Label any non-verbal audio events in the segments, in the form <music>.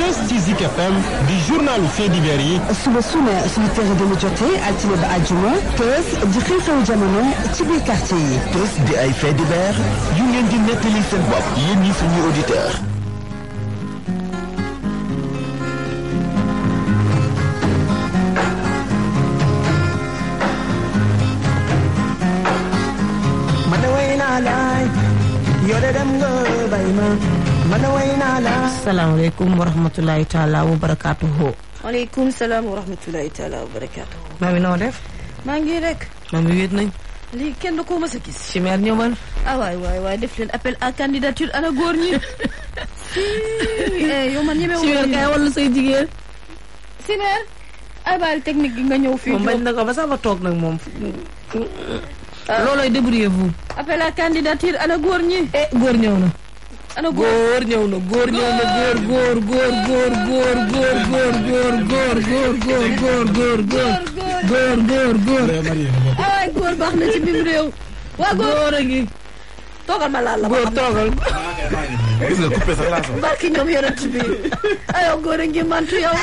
Thiès ci Zik di journalu faits divers yi. suba suna suñu téere dañu jotee altine ba àjjuma Thiès di xew-xewu jamono ci biir quartier yi. Thiès di di nettali seen bopp yéen ñi suñuy asalaamaaleykum wa rahmatulahi taala wa barakaatuhu. waaleykum salaam wa rahmatulahi taala wa barakaatuhu. mami def. maa ngi rek. mami wéet nañ. lii kenn du ko a gis. Chimère ñëwal. ah waay waay def leen appel à candidature ana góor ñi. Eh, yow man baal technique nga ñëw fii. moom bañ na ko ba sax toog nag moom. Ah. loolooy débrouillez-vous. appel à candidature ana góor ñi. eh góor na. ana góor ñëw na góor ñëw na góor góor góor góor góor góor góor góor góor góor góor góor góor góor góor góor góor ay góor baax na ci biir réew waa góor a ngi toogal ma laal la góor toogal gis nga coupé sax laa sax barki ñoom yonent bi ayoo góor a ngi mantu yow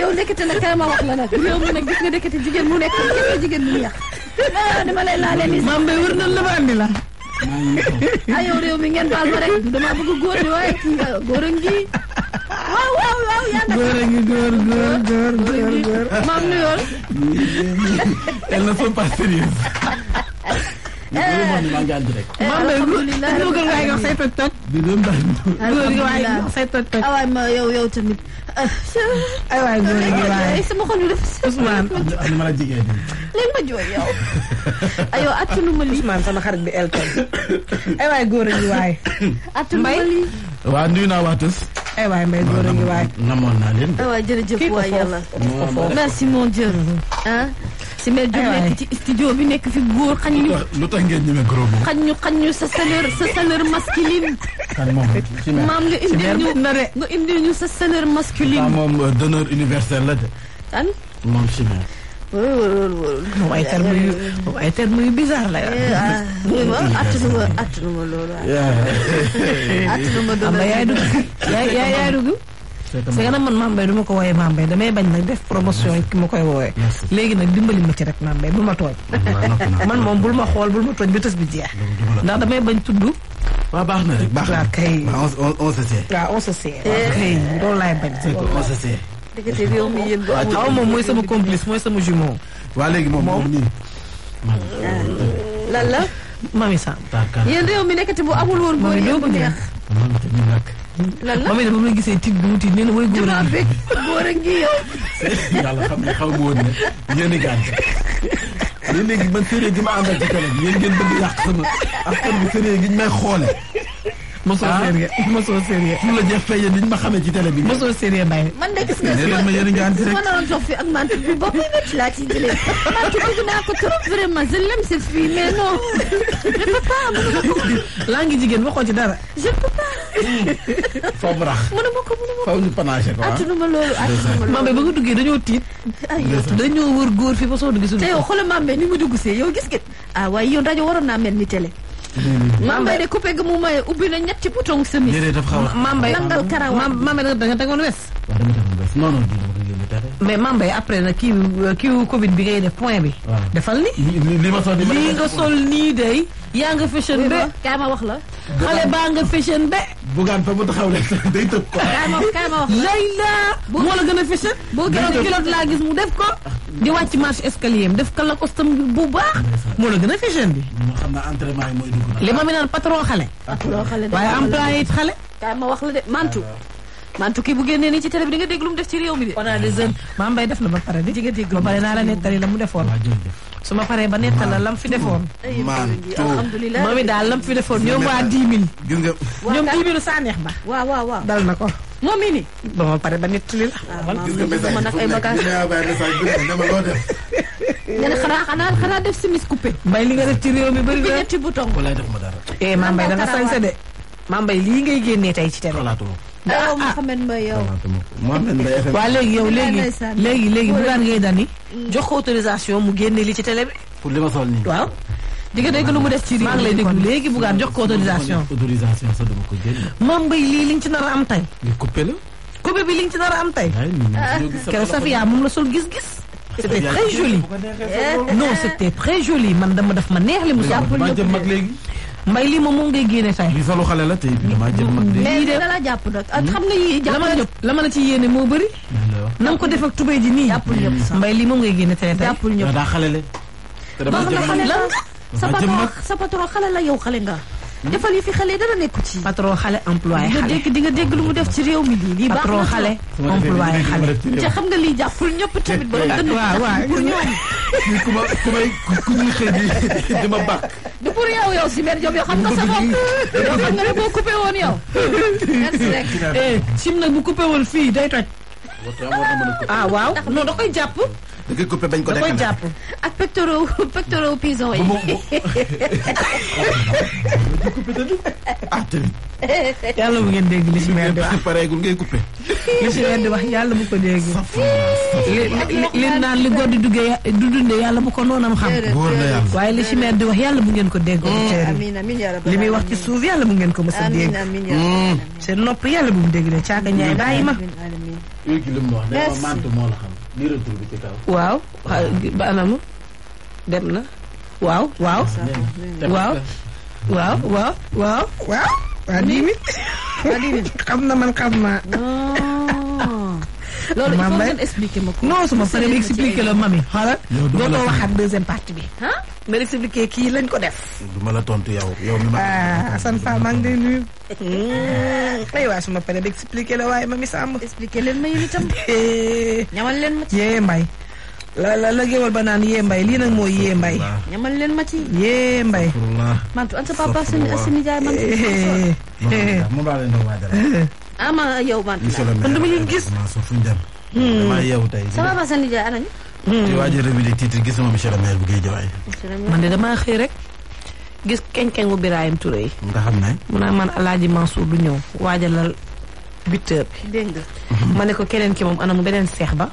yow nekkati nag kay ma wax la nag réew mi nag gis nga nekkati jigéen mu nekk jigéen mu yàq dama lay laalee nii maam bay wër na la ma andi la ah yow réew mi ngeen baal ma rek dama bëgg góor di waaye góor a ngi waaw waaw waaw yàlla. góor ngi góor góor góor góor góor. maam nuyool. elles ne sont pas sérieuses. maa ngi ànd rek. alhamdulilah alhamdulilah góor gi waaye nga say toj toj. góor gi waaye nga say toj toj. waaw ma uh, yow yow tamit. ay waay góor gi waay sama xol bi dafa sëb. Ousmane am na ma la jigéen léegi ma jooy yow. <laughs> aywa attanu ma lii Ousmane sama xarit bi Elton. ay waay góor gi waay. attanu ma lii Mbaye. waaw nuyu naa waa Tës. ay waay Mbaye góor gi waay. namoon naa leen. ay waay jërëjëf waay yàlla. merci mon Dieu. Mm-hmm. ah. si mel jóg nekk ci studio bi nekk fi góor xañ ñu. lu tax ngeen ñeme gros boobu. xañ ñu xañ ñu sa salaire sa salaire masculine. kan moom maam nga indil ñu nga indil ñu sa salaire masculine. ligne moom euh, donneur universel la de. kan moom chimère. wóorul wóorul moom yu moom ay euh, la. Euh, ah, ma attanu ma attanu yaay dugg yaay yaay dugg. c'est que nag man Mame Mbaye du ma ko wooyee Mame yi damay bañ nag def promotion yi ki ma koy wooyee. léegi nag dimbali ma ci rek Mame Mbaye bu ma tooñ. <laughs> man moom bul ma xool bul ma tooñ ba tës bi jeex. ndax damay bañ tudd. waaw ah, baax na rek baax na kay on on se sait. waaw on se sait. kay loolu laay bañ. on se sait. diggante bi yow mi yéen moom mooy sama complice mooy sama jumeau. waa léegi moom moom nii. lan la. Mami Samb. yéen réew mi nekkati bu amul woon. góor yi yëpp neex. lan la mami de bu ma gisee tiit bi mu tiit nee na mooy góor a ngi. góor a ngi yàlla xam nga xaw ma woon ne yéen a gàddu. yéen léegi man sëree gi ma àndal ci kanam yéen ngeen bëgg yàq sama askan bi sëree gi ñu may xoole. mosoo ah. sérieux mosoo sérieux. fu la jeex fay yéen ñu ma xamee ci télé bi. mosoo sérieux Baye. man de gis nga si ma fi ak mantu bi bopp yi métti laa ci jëlee mantu bëgg naa ko trop vraiment je l'aime cette fille mais je peux pas mënu ma ko. laa ngi jigéen waxoo ci dara. je peux pas. foo brax. mënu ma ko mënu ma ko. faaw ñu panaché ko ah. attanu ma loolu attanu ma loolu. Mambé ba nga duggee dañoo tiit. dañoo wër góor fi ba soo dugg suñu. te yow xoolal Mambé ni mu dugg see yow gis nga ah waaye yow rajo waroon naa mel mi télé Mame Mbaye de coupé gu mu maye ubbi na ñetti bouton semis. déedéet dafa xaw a langal karaw Mame Mbaye da nga tegoon wes. waaw dama tegoon wes non non. mais Mame Mbaye après nag kii kii Covid bi ngay def point bi. defal ni li ma sol lii nga sol nii day yaa nga fashion be kaay ma wax la. xale baa nga fashion be. bugaan fa mu taxaw rek <laughs> day tëb ko. kaay ma kaay ma wax la layla. moo la gën a fashion. boo gënoon kilote laa gis mu def ko. di wàcc marche escalier am def ko la custom bu baax. moo la gën a fashion bi. moo xam naa entraînement yi mooy dugg na. li ma mi naan patron xale. patron xale waaye employé it xale. kaay ma wax la de mantu. man tukki bu génnee nii ci télé bi di nga dégg lu mu def ci réew mi de. on a des jeunes maam def na ba pare di. su ma paree ba nettal la lam fi defoon. man alhamdulilah moom it daal lam fi defoon ñoom waa 10 000. neex ba. waaw waaw waaw dal na ko. moom mii nii. ba ma pare ba nettali la. waaw ah, gis nga message bi fu mu nekk dama xanaa xanaa xanaa def simis coupé. mbay li nga def ci réew mi bëri na bu ñetti bouton. walaay def ma dara. eh maa mbay da nga sañse de. maa mbay lii ngay génnee tey ci télé. daaw ah, ah. Mouhamed Mbaye yow. Mouhamed Mbaye FM. waaw léegi yow léegi léegi léegi Bougane Gueye Dany jox ko autorisation mu génne li ci télé bi. pour li ma sol ni waaw di nga dégg lu mu def ci. maa ngi lay léegi Bougane jox ko autorisation. autorisation sax dama ko génne. Mame Mbaye lii li nga ci nar a am tey. li coupé la. coupé bi li nga ci nar a am tey. keroog Safia moom la sol gis-gis. c'était très joli. non c'était très joli man dama def ma neex li mu. jàppul mag léegi. mbay lii moom moom ngay génne tey. lii salu xale la tey bi mm. damaa jël mag de. lii jàpp nag mm. xam nga yii jàpp la la ma la ci yéene moo bari na ko def ak tubéy ji nii. jàppul ñëpp sax mbay lii moom ngay génne tey tey. jàppul ñëpp daa xale la. te damaa jël mag lan sa patron sa patron xale la yow xale nga. defal yi fi xale yi dara nekku ci. patron xale employé xale. di nga dégg di nga dégg lu mu def ci réew mi lii. lii baax na patron xale employé xale. te xam nga lii jàppul ñëpp tamit ba dënn bi tax pour ñoom. ku ma ku may ku ñuy xëy di di ma bàkk. du pour yow yow si mère Diop yow xam nga sa bopp yow xam nga ne boo coupé woon yow. merci rek. Eh, sim nag bu coupé woon fii day toj. ah waaw non da koy jàpp. da koy bañ ko lekk da jàpp ak pectoraux pectoraux pison yi. ah tamit. yàlla bu ngeen dégg li si maire di wax pareegul ngay coupé. li si maire di wax yàlla bu ko dégg. li naan li góor di duggee du dundee yàlla bu ko noonam xam. waaye li si maire di wax yàlla bu ngeen ko dégg. li muy wax ci suuf yàlla bu ngeen ko mës a dégg. seen nopp yàlla bu mu dégg de caaga ñaay bàyyi ma. léegi li mu wax moo la xam. lii retour bi ci kaw. waaw ba anamu dem na waaw waaw. waaw waaw waaw waaw. waaw waaw. xam na man xam naa. loolu il faut ngeen ma ko. non su ma paree ma expliquer la mami xala dootoo waxaat deuxième partie bi. nga expliquer kii lañ ko def. du ma la tontu yow yow mi ma. ah Assane Fall maa ngi lay nuyu. aywa su ma paree ma expliquer la waaye mami Samb. expliquer leen ma yéen itam. ñamal leen ma ci. yee mbay. la la la géwal ba naan yee mbay lii nag mooy yee mbay. ñamal leen ma ci. yee mbay. man tu an sa papa seen seen nijaay man. moom laa leen doon waajal a ama yow bant la man dama ñu gis. damaa yeewu tey. sama ba Sani Ndiaye anañu. te hmm. waa ji revue des titres gisuma monsieur le maire bu Guédiawaye. man de damaa xëy rek. gis kenkengu Birahim Touré yi. nga xam ne. mu ne man El Hadj Mansour du ñëw waaja huit heures bi. nga. Hmm. ma ne ko keneen ki moom mu beneen seex ba.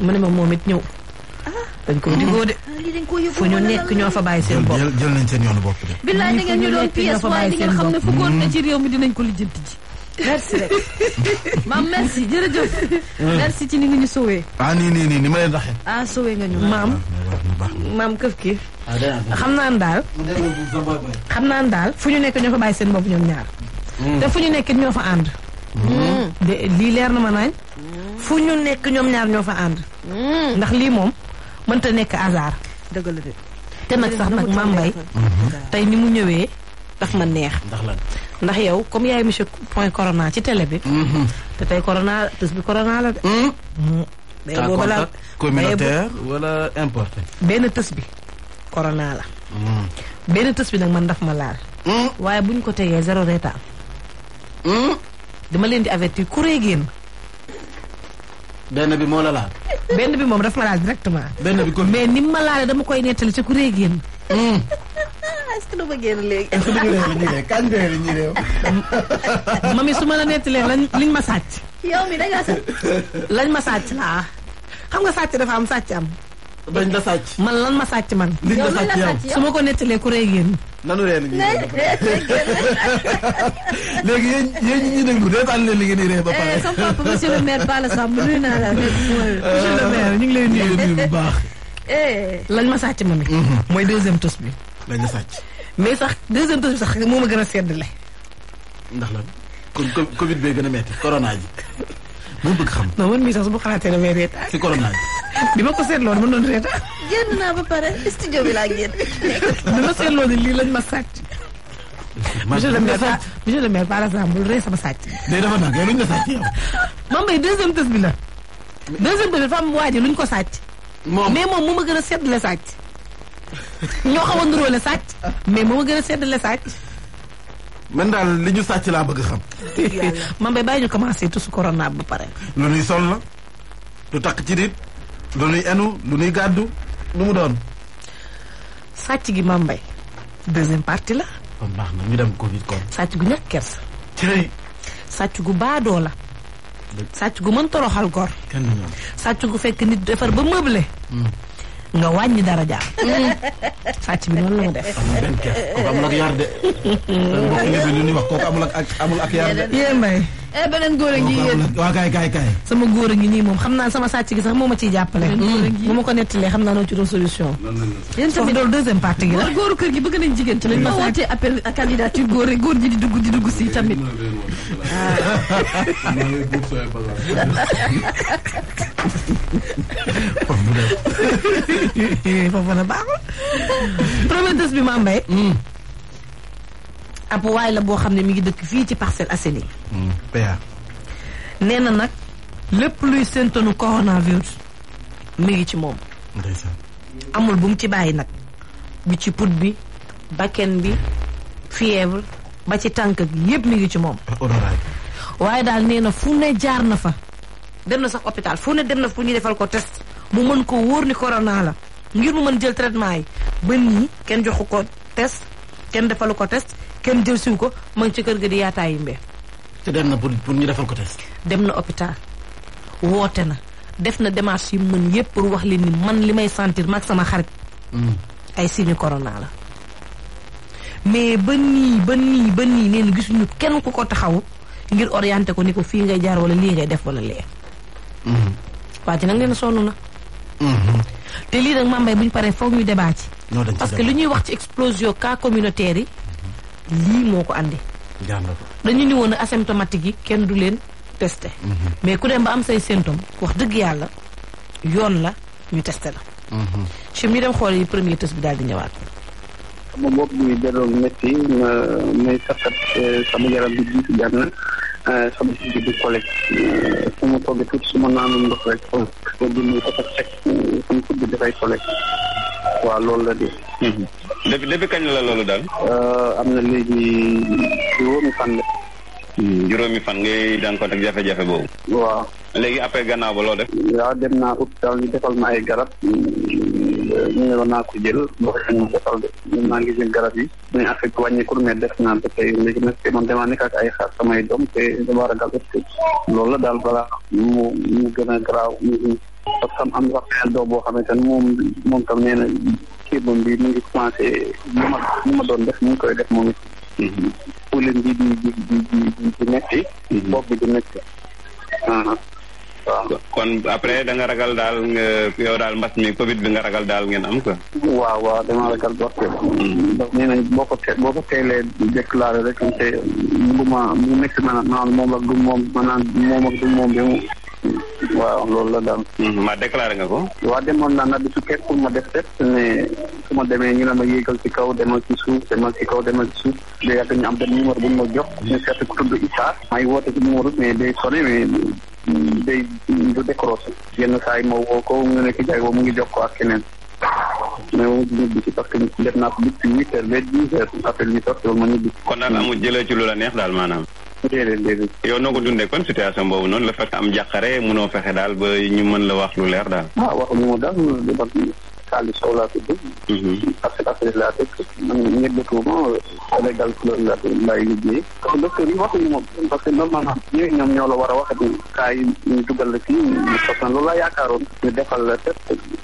mu ne ma moom it ñëw. Ah. dañ ko digoo de. Ah, fu ñu nekk ñoo fa bàyyi seen bopp. jël nañ seen yoonu bopp de. billaay da ngeen ñu doon pièce waaye di ngeen xam ne hmm. ji. merci rek maam merci ci ni nga ñu sowee. ah nii nii nii ni ma leen raxee. ah nga ñu maam. maam këf ki ah, xam naan daal. xam naan daal fu ñu nekk ñoo fa bàyyi seen bopp ñoom ñaar. Hmm. te fu ñu nekk ñoo fa ànd. Hmm. de lii leer na ma naañ. Hmm. fu ñu nekk ñoom ñaar ñoo fa ànd. ndax lii moom mënta nekk hasard. dëgg la de te nag sax nag maam Mbaye. tey ni mu ñëwee daf ma neex. ndax lan ndax yow comme yaay monsieur point corona ci télé bi. Mm-hmm. te tey corona tës bi corona la mm-hmm. benn tës bi corona la. Mm-hmm. benn bi nag man daf ma laal. waaye buñ ko tegee zéro retard. dama leen di avertir kuree génn. benn bi moo la bi moom daf ma laal directement. benn bi mais ni ma laale dama koy nettali ci kuree génn. Ah, est-ce que dama génn léegi. est-ce que duñu réew ñu réew kan réew ñu réew. su ma la nettalee lañ liñ ma sàcc. sàcc. lañ ma sàcc laa xam nga sàcc dafa am sàcc am. bañ la sàcc. man lan ma sàcc man. liñ la sàcc yow su ma ko nettalee ku rey génn. nanu reen gi léegi yéen yéen ñi déglu reetaan leen li ngeen di ree ba pare. sama papa monsieur le maire Bala Samb nuyu naa la. monsieur le maire ñu ngi lay nuyu bu baax. lañ ma sàcc ma mooy deuxième tos bi. lañ la sàcc. mais sax deuxième dose bi sax moo ma gën a seddale. ndax la kon Covid be gën a metti corona ji. mu bëgg xam. non man mii sax su ma xalaatee damay reetaan. si corona bi. <laughs> bi ma ko seetloo ma doon reetaan. génn naa ba pare laa génn. <laughs> ma seetloo ni lii lañ ma sàcc. monsieur le maire monsieur le maire par exemple bul ree sama sàcc. day dafa nag yow luñ la sàcc yow. <laughs> la. deuxième test bi dafa ko sàcc. moom mais moom mu ma gën a seddale sàcc. ñoo xaw a nduróole sàcc mais moo ma gën a seddale sàcc man daal li ñu sàcc laa bëgg xam <laughs> man bay bàyyi ñu commencé tusu corona ba pare lu nuy sol la lu takk ci nit lu nuy enu lu nuy gàddu lu mu doon sàcc gi mam mbay deuxième partie la kon baax na ñu dem covid sàcc gu ñàkk kersa cëy sàcc gu baadoo la sàcc gu mën toroxal gor sàcc gu fekk nit defar ba meuble hmm. nga wàññi dara jaar. <laughs> sàcc bi noonu la mu def. amul benn kër ak yar de. <laughs> mbokk yi lu ñuy wax kooku amul ak amul ak yar eh beneen góor a ngi yéen waaw kaay kaay kaay sama góor a ngi nii moom xam naa sama sàcc gi sax moo ma ciy jàppale bu ma ko nettalee xam naa noo ci doon solution yéen tamit loolu deuxième partie gi la góoru kër gi bëgg nañ jigéen tamit ma wootee appel à candidature góor rek góor ji di dugg di dugg si tamit <laughs> foofu na baaxul prometteuse bi ma mbay hmm. ab la boo xam ne mi ngi dëkk fii ci Parcelles Assainies. PA. Hmm, na nag lépp luy séntanu coronavirus mi ngi ci moom. ndeysaan. amul bu mu ci bàyyi nag. bi ci put bi bakken bi fièvre ba ci tànk bi yëpp mu ngi ci moom. Ah, waaye daal nee na fu ne jaar na fa. dem na sax hôpital fu ne dem na fu ñuy defal ko test mu mën ko wóor ni corona la ngir mu mën jël traitement yi ba nii kenn joxu ko test kenn defalu ko test. kenn jël siwu ko ma ci kër gi di yaataa yimbee te dem na pour pour ñu defal ko test dem na hôpital woote na def na démarche yi mën yëpp pour wax leen ni man li may sentir mag sama xarit mm. ay signe corona la mais ba nii ba nii ba nii nee na gisuñu kenn ku ko taxaw ngir oriente ko ni ko fii ngay jaar wala lii ngay def wala lee mm-hmm. waa ji nag nee na sonn na mm-hmm. te lii nag Mame Mbaye bu ñu paree foog ñu débat ci parce que li ñuy wax ci explosion cas communautaire yi lii moo ko andi. dañu ni woon asymptomatique yi kenn du leen testé. Mhm. mais ku dem ba am say symptôme wax dëgg yàlla yoon la ñu testé la. Mhm. ci mi dem xool yi premier test bi daal di ñëwaat. sama ma may safat eh, sama yaram bi jiitu benn eh, sama si di collègue eh, su ma toogee tuuti su ndox rek xool di muy dafay collègue waaw loolu la de. Mhm. depuis depuis kañ la loolu daal. Euh, am na léegi juróomi fan la. Mhm, juróomi fan ngay daan ko teg jafe-jafe boobu. waaw. léegi après gannaaw ba loo def. waa dem naa hôpital ñu defal ma ay garab. mu ne naa ko jël boo xam maa ngi jël garab yi. mais en fait wàññi kur mais def naa ba tey léegi nag te man damaa ak ay samay doom te dama ragal est-ce que la daal balaa mu mu gën a garaaw. parce que am sax xel boo xamante ne moom moom tam nee na kéebam bi mu ma lu ma doon def mu koy def moom it mhm. ulen bi di di di di di mhm. ah. da nga ragal daal yow daal mbas mi Covid bi nga ragal daal ngeen am quoi. waaw waaw damaa ragal boo ko donc nee nañ boo ko te boo ko teelee déclaré rek bu ma bu nekk a moom ak du moom moom bi mu. waaw loolu la daal. Mm-hmm. ma déclaré nga ko. waa demoon naa nag su fekkul ma def test ne su ma demee ñu ne ma yéegal ci kaw demal ci suuf demal ci kaw demal ci suuf de yàgg ñu am benn ñu ma jox ñu seet ku tudd Issa. may woote ci numéro mais day sonné mais day du décroché. yenn saa ko nga nekk jaay mu ngi jox ko ak keneen. mais moom ñibbi ci parce que ko depuis huit ma ñibbi. kon daal jëlee ci lu la neex daal maanaam. déedéet yow noo ko dundee kon situation la fekk am jàqare munoo fexe daal ba ñu la wax lu leer daal. ah wax mu daal Saliou Sow laa tudd. Mhm. parce que laa dëkk. man ñebe Touba Sénégal couleur la laay liggéey. parce que docteur yi waxuñu moom parce que normalement ñooñu ñoom ñoo la war a wax ni kaay ñu dugal la fii ñu soxna loolu laa yaakaaroon. ñu defal la test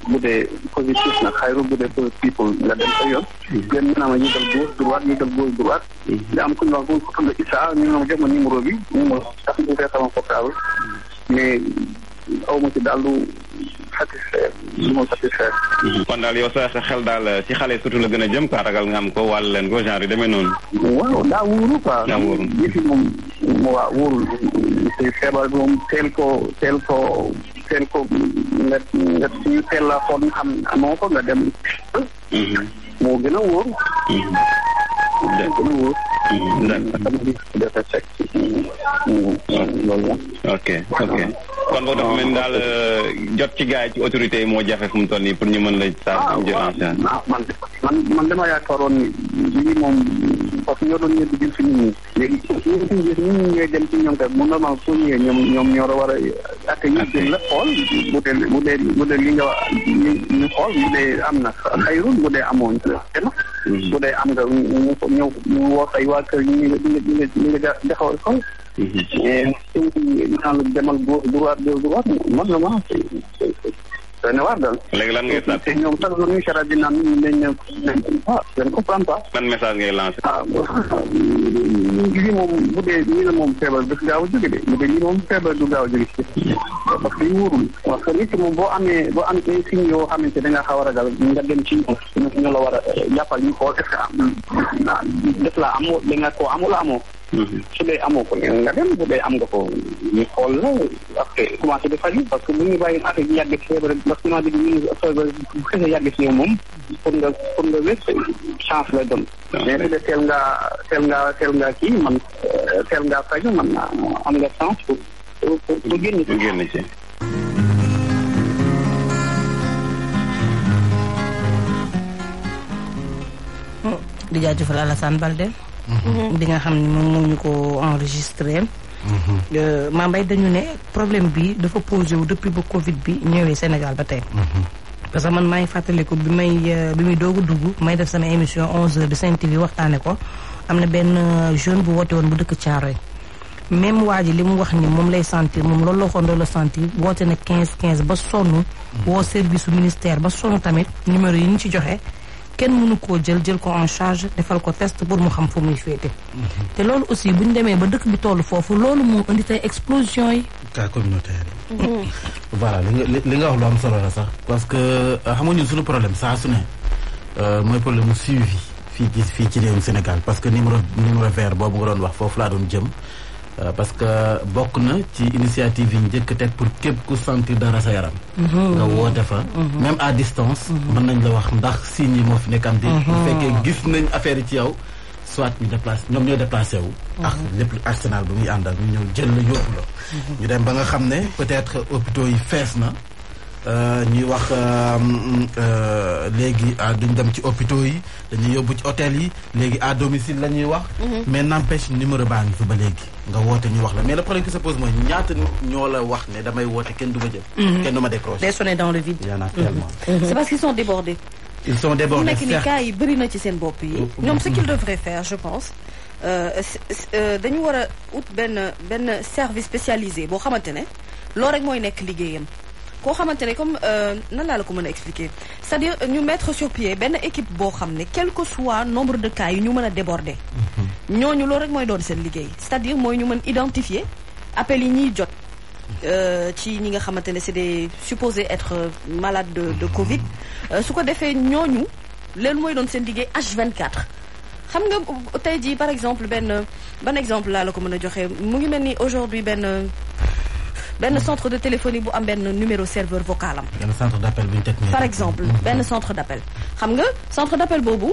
bu dee positif nag xayru bu dee positif nga dem sa yoon. yéen mhm. a naan ma ñu dal gauche droite ñu dal gauche droite. da mhm. am ku ñu wax bu ñu ko tudd ñu ne jox ma numéro bi. numéro tax ñu defee sama portable mais. aw ma ci daal lu satisfaire lu ma satisfaire. Mhm. kon daal yow sa sa xel daal eh, ci xale surtout la gën a jëm quoi ragal nga am ko wàll leen ko genre yi demee noonu. waaw daa wóoru quoi. daa wóoru yëf yi moom waaw wóorul te feebar bi moom teel ko teel ko teel ko nga nga ci teel la xool xam amoo ko nga dem. Mhm. moo gën a wóor. Mhm. moo gën a wóor. ok ok. kon boog dafa mel ni daal jot ci gars yi ci autorités yi moo jafe fu mu toll nii pour ñu mën la saa jël en man man man dama yaakaaroon ni lii moom parce que ñoo doon ñëw di jël si nit ñi léegi ñun suñu gis nit ñi ñooy dem ci ñoom kat mu normal soo ñëwee ñoom ñoom ñoo war a atte yi la xool bu dee bu dee bu dee li nga wax ñu xool bu dee am na xayrun bu dee amoon te na bu dee am nga ñu ñëw ñu woo say waa kër ñu nga ñu nga ñu nga defal xool naan demal góor droite góor droite man la ma doy na waar daal. léegi lan ngay te ñoom sax lu ñuy xalaat di naan nañ ne ah dañ ko comprendre pas. ban message ngay lancé. ah lii moom bu dee nii la moom feebar du gaaw a de bu dee nii moom feebar du gaaw a jóge ci. parce que wóorul. parce que nit moom boo amee boo amee ay signes yoo xamante da nga xaw a ragal nga dem ci ñoom. ñu la war a jàppal ñu xool est-ce que am def laa amoo da nga Mhm. su dee amoo ko nga dem bu dee am nga ko ñu xool la après commencé di faju parce que bu ñu parce que maa ngi ñu feebar bu xasee yàgg si yow moom pour nga pour nga wér chance la doon ah. mais bu dee teel ngaa teel ngaa kii man euh, teel ngaa faju man am nga chance pour pour pour génn si génn si oh, di jaajëfal Alassane Balde bi mm-hmm. nga xam ne moom moo ñu ko enregistré. Mm-hmm. Euh, Mame Mbaye dañu ne problème bi dafa posé wu depuis ba Covid bi ñëwee Sénégal ba tey. Mm-hmm. parce que man maa ngi fàttaliku bi may euh, bi muy doog a dugg may def sama émission 11h de Sen TV waxtaane ko am na benn euh, jeune bu woote woon bu dëkk Thiaroye même waa ji li mu wax ni moom lay sentir moom loolu la waxoon loolu la sentir woote na 15 15 ba sonn. woo service ministère ba sonn tamit numéro yi ñu ci joxe. kenn mënu koo jël jël ko en charge defal ko test pour mu xam fu muy féete. te loolu aussi bu ñu demee ba dëkk bi toll foofu loolu moo indi tey explosion yi. cas communautaire yi. <laughs> voilà li nga li nga wax lu am solo la sax. parce que euh, xam nga suñu problème saa su ne euh, mooy problème mu suivi fii ci fii ci réewum Sénégal parce que numéro numéro vert boobu nga doon wax foofu laa doon jëm. Euh, parce que bokk na ci initiative yi njëkk teg pour képp ku sentir dara sa yaram. Mhm. nga woote fa. Mhm. même à distance. Mhm. mën nañ la wax ndax signes yi moo fi nekkam di. bu fekkee gis nañ affaire yi ci yow. soit ñu déplacé ñoom ñoo déplacé wu. ak lépp arsenal bu muy àndal ñu ñëw jël la yóbbu la. ñu dem ba nga xam ne peut-être hôpitaux yi fees na. Euh, ñuy wax euh, léegi ah, duñ dem ci hôpitaux yi dañuy yóbbu ci hôtel yi léegi à domicile la ñuy wax. mais n'empêche numéro baa ngi fi ba léegi. nga woote ñu wax la mais le problème qui se pose mooy ñaata ñoo la wax ne damay woote kenn du ma jël. Mhm. kenn du ma décroché. day sonné dans le vide. a tellement. Mhm. Mhm. c'est parce qu'ils sont débordés. ils sont débordés certes qu'ils devraient faire je pense. Euh, euh, dañu war a ut benn benn service spécialisé boo xamante ne. loolu rek mooy nekk liggéeyam. koo xamante ne comme euh, nan laa la ko mën a expliquer c'est-à-dire ñu mettre sur pied benn équipe boo xam ne quel que soit nombre de cas yi ñu mën a déborder. Mhm. ñooñu loolu rek mooy doon seen liggéey c'est-à-dire mooy ñu mën identifier appels yi ñuy jot. Euh, ci ñi nga xamante ne c'est des supposés être malades de de Covid mhm. euh, su ko defee ñooñu leen mooy doon seen liggéey H24. xam nga tey jii par exemple benn ban exemple laa la ko mën a joxe mu ngi mel ni aujourd'hui benn. benn centre de téléphonie bu am benn numéro serveur vocal benn centre d' bu ñu par exemple mm-hmm. benn centre d' appel. xam nga centre d' appel boobu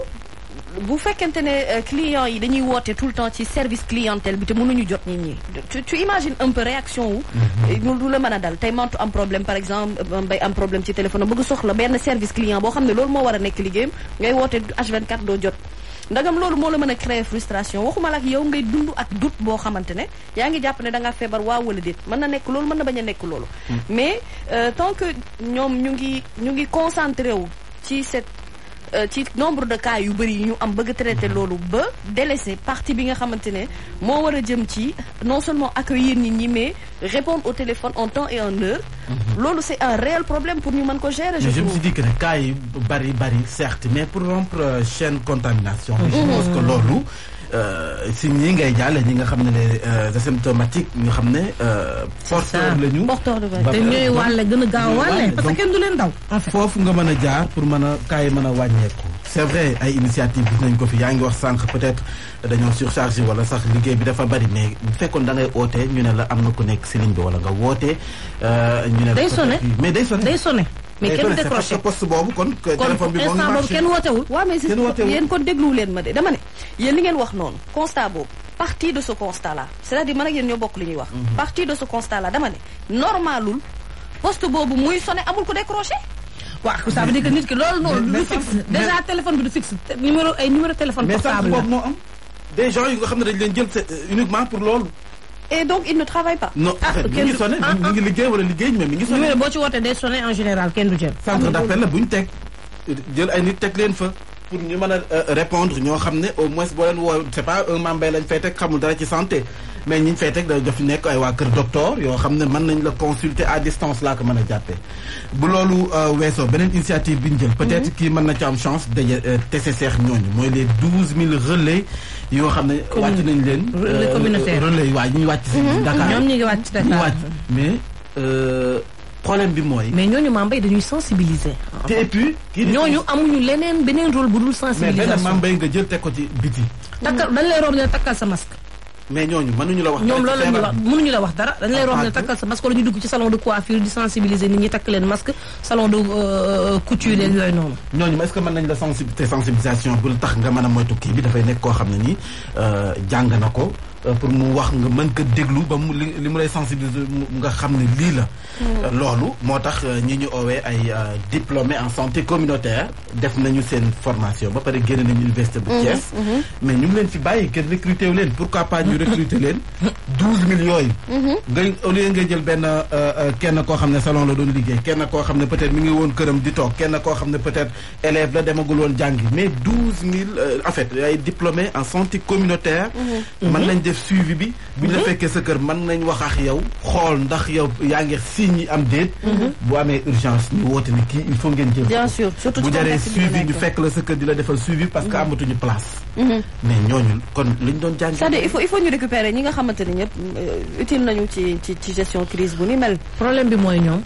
bu ne euh, clients yi dañuy woote tout le temps ci service clientèle bi te mënuñu jot nit ñi. tu tu imagines un peu réaction wu. Mm-hmm. du la mën a dal tey mantu am problème par exemple euh, mbay am problème ci téléphone am bëgg soxla benn service client boo xam ne loolu mo war a nekk liggéeyam ngay woote H24 jot. ndagam loolu moo la mën a créer frustration waxuma la ak yow ngay dund ak doute boo xamante ne yaa ngi jàpp ne danga feebar waaw wala déet mën na nekk loolu mën na bañ a nekk loolu hmm. mais euh, tant que ñoom ñu ngi ñu ngi concentré wu ci cette Euh, ci nombre de cas yu bëri yi ñu am bëgg traité loolu ba délaissé partie bi nga xamante ne moo war a jëm ci non seulement accueillir nit ñi mais répondre au téléphone en temps et en heure. Mhm. loolu c'est un réel problème pour ñu mën ko gérer. je trouve je me suis dit que bari bari certes mais pour rompre euh, chaîne contamination. je mhm. loolu. Euh, signes yi ngay jàll ñi nga xam ne les euh, asymptomatiques ñu xam ne. Euh, porteur la ñu porteur de te ñooy wàlle gën a gaaw wàlle parce que kenn du leen daw. foofu nga mën a jaar pour mën a kaay mën a wàññeeku. c' est vrai ay initiative gis nañ ko fi yaa ngi wax sànq peut-être dañoo surchargé wala sax liggéey bi dafa bari mais bu fekkoon dangay ngay ñu ne la am na ku nekk si ligne bi wala nga woote. ñu ne la mais day sonné day sonné. mais eh, kenn décroché poste boobu kon. téléphone bi instant boobu kenn wootewul. waaw mais yéen kon dégluwu leen ma de dama ne. yéen li ngeen wax noonu constat boobu partie de ce constat là c'est-à-dire man ak yéen ñoo bokk li ñuy wax. Mhm. partie de ce constat là dama ne normalul poste boobu muy sonné amul ko décroché. waaw ça veut nit ki loolu noonu. du fixe déjà téléphone bi du fixe numéro ay numéro téléphone portable la boobu moo am. des yu nga xam ne dañu leen et donc il ne travaille pas. non ah, en fait ngi sonné mi ngi ah, liggéey wala liggéey mais mi ngi sonné. numéro boo ci wootee day sonné en général kenn du la bu ñu teg jël ay nit teg leen fa. pour ñu mën a euh, répondre ñoo xam ne au moins boo leen woo c'est pas un membre lañ fay teg xamul dara ci santé mais ñi ñu fay teg daf nekk ay waa kër docteur yoo xam ne mën nañ la consulter à distance laa ko mën a jàppee. bu loolu euh, weesoo beneen initiative bi ñu jël. peut-être mhm. kii mën na ci am chance daje tese seex ñooñu mooy les douze mille relais. yoo xam ne wàcc nañ leen relais euh, communautaire relais waaye ñu ngi wàcc si mhm. Dakar ñoom ñu ngi wàcc Dakar mais euh, problème bi mooy mais ñooñu Mambay dañuy sensibiliser te et puis ñooñu amuñu leneen beneen rôle bu dul sensibilisation mais beneen nga jël te ko ci biti takkal dañ lay room ne takkal sa masque mais ñooñu mënuñu la wax ñoom loolu la mënuñu la wax dara dañ lay rox ne takkal sa masque wala ñu dugg ci salon de coiffure di sensibiliser nit ñi takk leen masque salon de euh, couture leen yooyu noonu ñooñu est que mën nañ la sensibiliser sensibilisation bu tax nga mën a moytu kii bi dafay nekk koo xam ne nii euh, jàng na ko pour mu wax nga mën ko déglu ba mu li li mu lay sensibiliser nga xam ne lii la. Hmm. loolu moo tax euh, ñi ñu oowee ay euh, diplômés en santé communautaire def nañu seen formation ba pare génne nañu université bu hmm. Thiès. Hmm. mais ñu ngi leen fi bàyyi kenn recruter wu leen pourquoi pas ñu recruter leen douze millions yi. nga au lieu jël benn euh, kenn koo xam ne salon la doon liggéey kenn koo xam ne peut-être ngi woon këram di toog kenn koo xam ne peut-être élève la demagul woon jàngi mais douze mille en fait ay diplômés en santé communautaire. def suivi bi bu ñu mhm. fekkee sa kër man nañ wax ak yow xool ndax yow yaa ngi signe yi am déet mhm. bu amee urgence ñu woote ne kii il faut ngeen jël bien sûr surtout bu jaree suivi ñu fekk la sa kër di la defal suivi parce que mhm. amatuñu place mais ñooñu kon liñ doon jàng c'est-à-dire il faut ñu récupérer ñi nga xamante ni ñëpp euh, utile nañu ci ci ci gestion crise bu ni mel problème bi mooy ñoom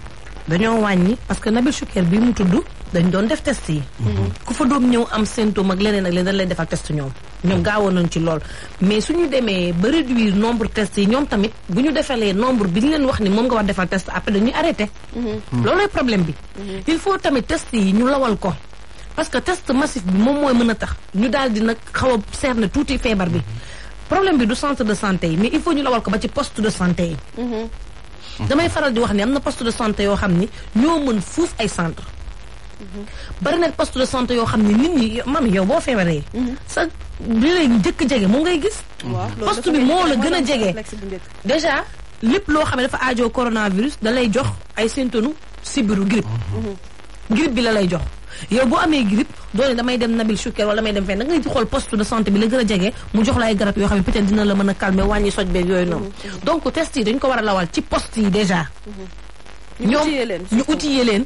dañoo wàññi parce que Nabil Choucair bi mu tudd dañu doon def test yi. Mhm. ku fa doom ñëw am symptôme ak leneen ak leneen dañ lay def test ñoom. ñoom mhm. gaawoon nañ ci lool mais suñu demee ba réduire nombre test yi ñoom tamit bu ñu defalee nombre bi ñu leen wax ni moom nga war defal test après dañuy arrêté. Mhm. loolooy problème bi. il faut tamit test yi ñu lawal ko. parce que test massif bi moom mooy mën a tax ñu daal di nag xaw a cerner tuuti feebar bi problème bi du centre de santé yi mais il faut ñu lawal ko ba ci poste de santé yi. damay faral di wax ni am na poste de santé yoo xam ni ñoo mën fuuf ay centre bari na poste de santé yoo xam ne nit ñi mami yow boo feebaree. Mhm. sa li lay njëkk jege mu ngay gis. poste bi moo la gën a jege. déjà lépp loo xam ne dafa aajoo coronavirus da lay jox ay symptômes sibiru grippe. Mhm. grippe bi la lay jox. yow boo amee grippe doone damay dem Nabil Choucair wala damay dem fenn da ngay xool poste de santé bi la gën a jege mu jox la ay garab yoo xam ne peut dina la mën a calmer wàññi soj yooyu noonu. Mhm. donc test yi dañ ko war a lawal ci poste yi déjà. ñu utiyee leen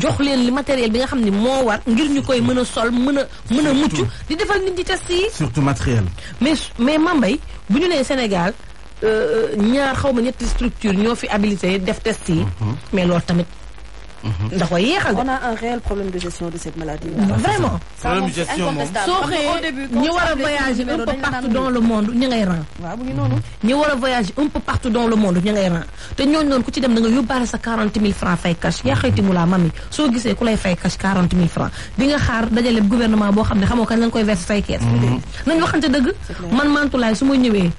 jox leen li matériel bi nga xam ne moo war ngir ñu koy mën a sol mën a mën a mucc di defal nit ñi test yi surtout matériel mais mais Mambay bu ñu nee Sénégal euh, ñaar xaw ma ñetti structure ñoo fi habilité def test yi mhm. mais loolu tamit da koy yéexal on a un réel problème vraiment. soo xëyee ñi war a voyager un peu partout dans le monde ñi ngay rang. te ñooñu noonu ku ci dem da nga yóbbaale sa 40 000 francs fay cash yaa xëyti mu mami soo gisee ku lay fay cash 40 000 francs di nga xaar dajale gouvernement boo xam ne xamoo kañ lañ koy verser say kees. Mm-hmm. nañ waxante dëgg man mantulaay su ma ñëwee.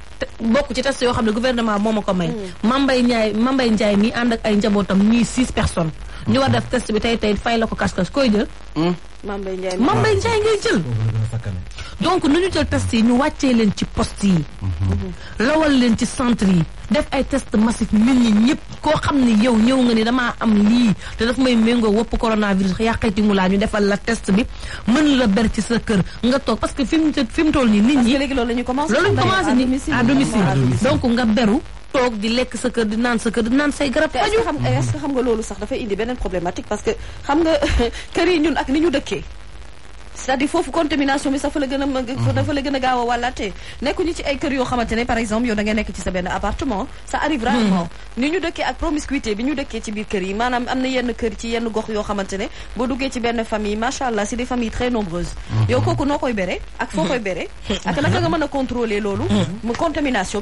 bokk ci test yoo xam ne gouvernement moo ma ko may. Mambay Ndiaye Mambay Ndiaye mi ànd ak ay njabootam ñuy six personnes. ñu war def test bi tey tey fay la ko cash cash koy jël. Hmm. Mame Mbaye Ndiaye Mame Mbaye Ndiaye ngay jël donc nañu jël test yi ñu wàccee leen ci post yi lawal mhm. leen ci centre yi def ay test massif nit ñi ñëpp koo xam ni yow ñëw nga ni damaa am lii te daf may méngoo wopp coronavirus yàqati laa ñu defal la test bi mën la ber ci sa kër nga toog parce que fi mu fi mu toll nii nit ñi loolu lañu commencé à domicile donc nga beru toog di lekk sa kër di naan sa di naan say garab. faju est-ce que xam nga loolu sax dafay indi beneen problématique parce que xam nga <laughs> kër yi ñun ak ni ñu dëkkee. c'est-à-dire foofu contamination bi sax fa la gën a mën mhm. fa la gën a gaaw a wàllaatee nekkuñu ci ay kër yoo xamante par exemple yow da nekk ci sa benn appartement ça arrive mhm. rarement ni ñu dëkkee ak promiscuité bi ñu dëkkee ci biir kër yi maanaam am na yenn kër ci yenn gox yoo xamante boo duggee ci benn famille macha allah c'est des familles très nombreuses mhm. yow kooku noo koy béré ak foo koy béré ak naka nga mën a contrôler loolu mu contamination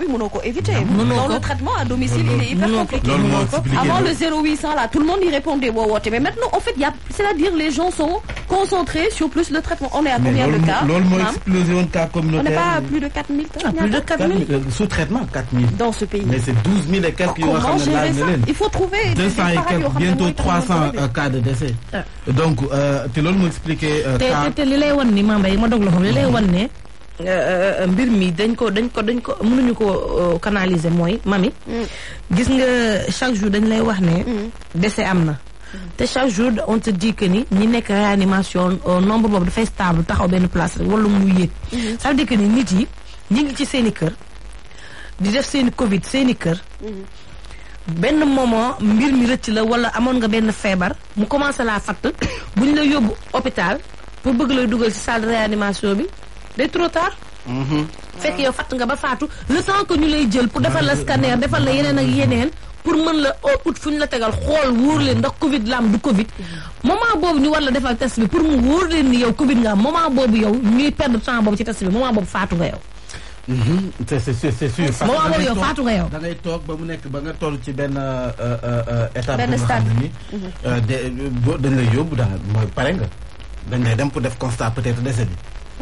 traitement on est à combien de cas loolu mooy explosion woon cas communautaire. on n'est pas à plus de 4000 cas. Ah, plus de 4000 euh, sous traitement 4000. dans ce pays mais c'est 12000 et quelques yoo xam ne laal na leen il faut trouver. 200 et quelques bientôt 300 euh, cas de décès. Ah. donc euh, te loolu moo expliqué. cas te li lay wan ni Mame Mbaye ma dog loxo li lay wan ne. mbir mi dañ ko dañ ko dañ ko mënuñu ko canaliser mooy mami. Mm. gis nga chaque jour dañ lay wax ne. Mm. décès am na. te chaque jour on te dit ni ñi nekk réanimation euh, nombre boobu dafay stable taxaw benn place rek wala muy yéeg. Mhm. ça veut dire que ni nit yi ñi ngi ci seen i kër di def seen i Covid seeni i kër. Mhm. benn moment mbir mi rëcc la wala amoon nga benn feebar mu commencé laa fatt bu ñu la yóbbu hôpital pour bëgg lay dugal ci salle de réanimation bi day trop tard. Mhm. fekk yow fatt nga ba faatu le temps que ñu lay jël pour defal la scanner defal la yeneen ak yeneen. pour mën la oh, ut fu ñu la tegal xool wóor leen ndax Covid la am du Covid moment boobu ñu war la defal test bi pour mu wóor leen ni yow Covid nga am moment boobu yow ñuy perdre temps boobu ci test bi moment boobu faatu nga yow. Mhm. c'est da ngay toog ba mu nekk ba nga toll ci benn euh, euh, euh, étape. benn bi nga xam ne nii. Mhm. dañ lay yóbbu daanaka mooy pare nga. dañ lay dem pour def constat peut-être décès bi.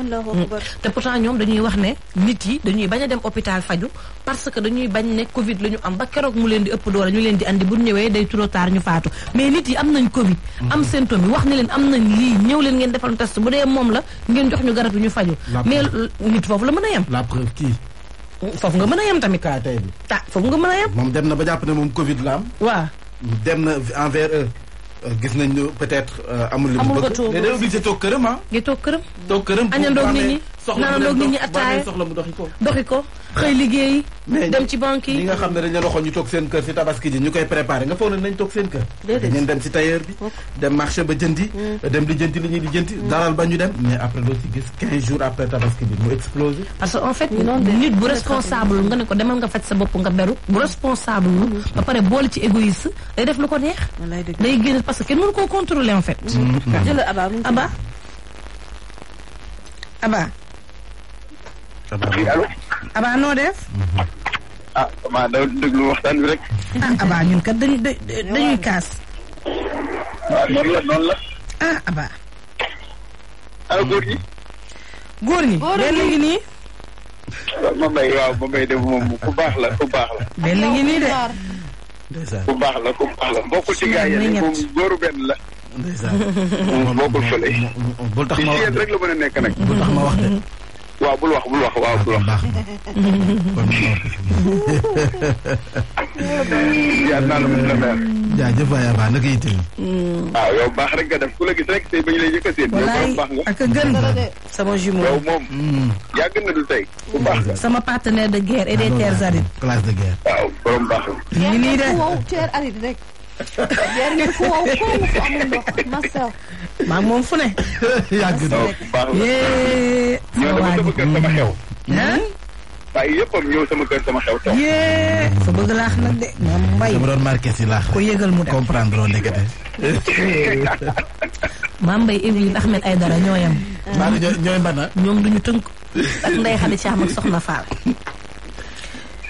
Mm. te pourtant ñoom dañuy wax ne nit yi dañuy bañ a dem hôpital faju parce que dañuy bañ ne Covid la ñu am ba keroog mu leen di ëpp doole ñu leen di indi bu ñëwee day trop tard ñu faatu mais nit yi am nañ Covid. Mm-hmm. am symptôme yi wax ne leen am nañ lii ñëw leen ngeen defal test bu dee moom la ngeen jox ñu garab yi ñu faju mais nit foofu la mën a yem. la nga mën a yem tamit. kaa tey bi ah foofu nga mën a yem. moom dem na ba jàpp ne moom Covid la am. waaw dem na envers eux. gis nañ ne peut-être euh, amul li mu bëgg mais day obligé toog këram ah. nga toog këram. toog këram bu amee soxla mu doxi ko. xëy liggéey. dem ci banque yi nga xam ne dañ leen waxoon ñu toog seen kër si tabaski ji ñu koy préparé nga foog ne nañ toog seen kër. déedéet dañ dem si tailleur bi. dem marché ba jëndi. Mm. dem di jëndi li ñuy di jëndi. Mm. dalal ba ñu dem mais après doo ci gis 15 jours après tabaski bi mu explosé. parce que en fait nit bu responsable nga ne ko demal nga faj sa bopp nga beru bu responsable lu. Mm. ba pare boole ci égoïste day def la ko neex. day génn parce que kenn mënu koo contrôler oui allo. Aba noo def. ah maa déglu waxtaan bi rek. ah Aba ñun kat dañuy dañuy kaas. waaw la noonu la. ah Aba. ah góor ñi. góor ñi benn ngi nii. ma may waaw ma may def moom ku baax la ku baax la. benn ngi nii de. ndeysaan ku baax la ku baax la bokkul ci gaa yi moom góoru benn la. ndeysaan bokkul fële. bul tax ma wax de rek la mën nekk nag. bul tax ma wax de. waaw bul wax bul wax waaw bul wax. yaa naa la monsieur le maire. jaajëf waay abaa naka yitteel. ah yow baax rek nga def ku la gis rek tey ba ñu lay njëkk a seet. yow baax nga ak a gën sama jumeau. yow moom. yaa gën na du tey. bu baax la sama partenaire de guerre et des terres arides. classe de guerre. waaw borom baax la. ñu nii de terre aride rek. jërëjëf ku wow koom ku amul ndox Massa. maa moom fu ne. yàgg na yee. ñoo dama sama kër sama xew. Hmm? ñëw sama kër sama xew. yee. sa bëgg laax nag de. moom mbay dama doon marqué si laax. ko yëgal mu comprendre loo ndekete. <laughs> maam Mbaye Evelyne Ahmed ñooyam. maa ngi ñooy mbana. ñoom duñu tënk. ak Ndeye Khady Thiam ak Soxna Fall.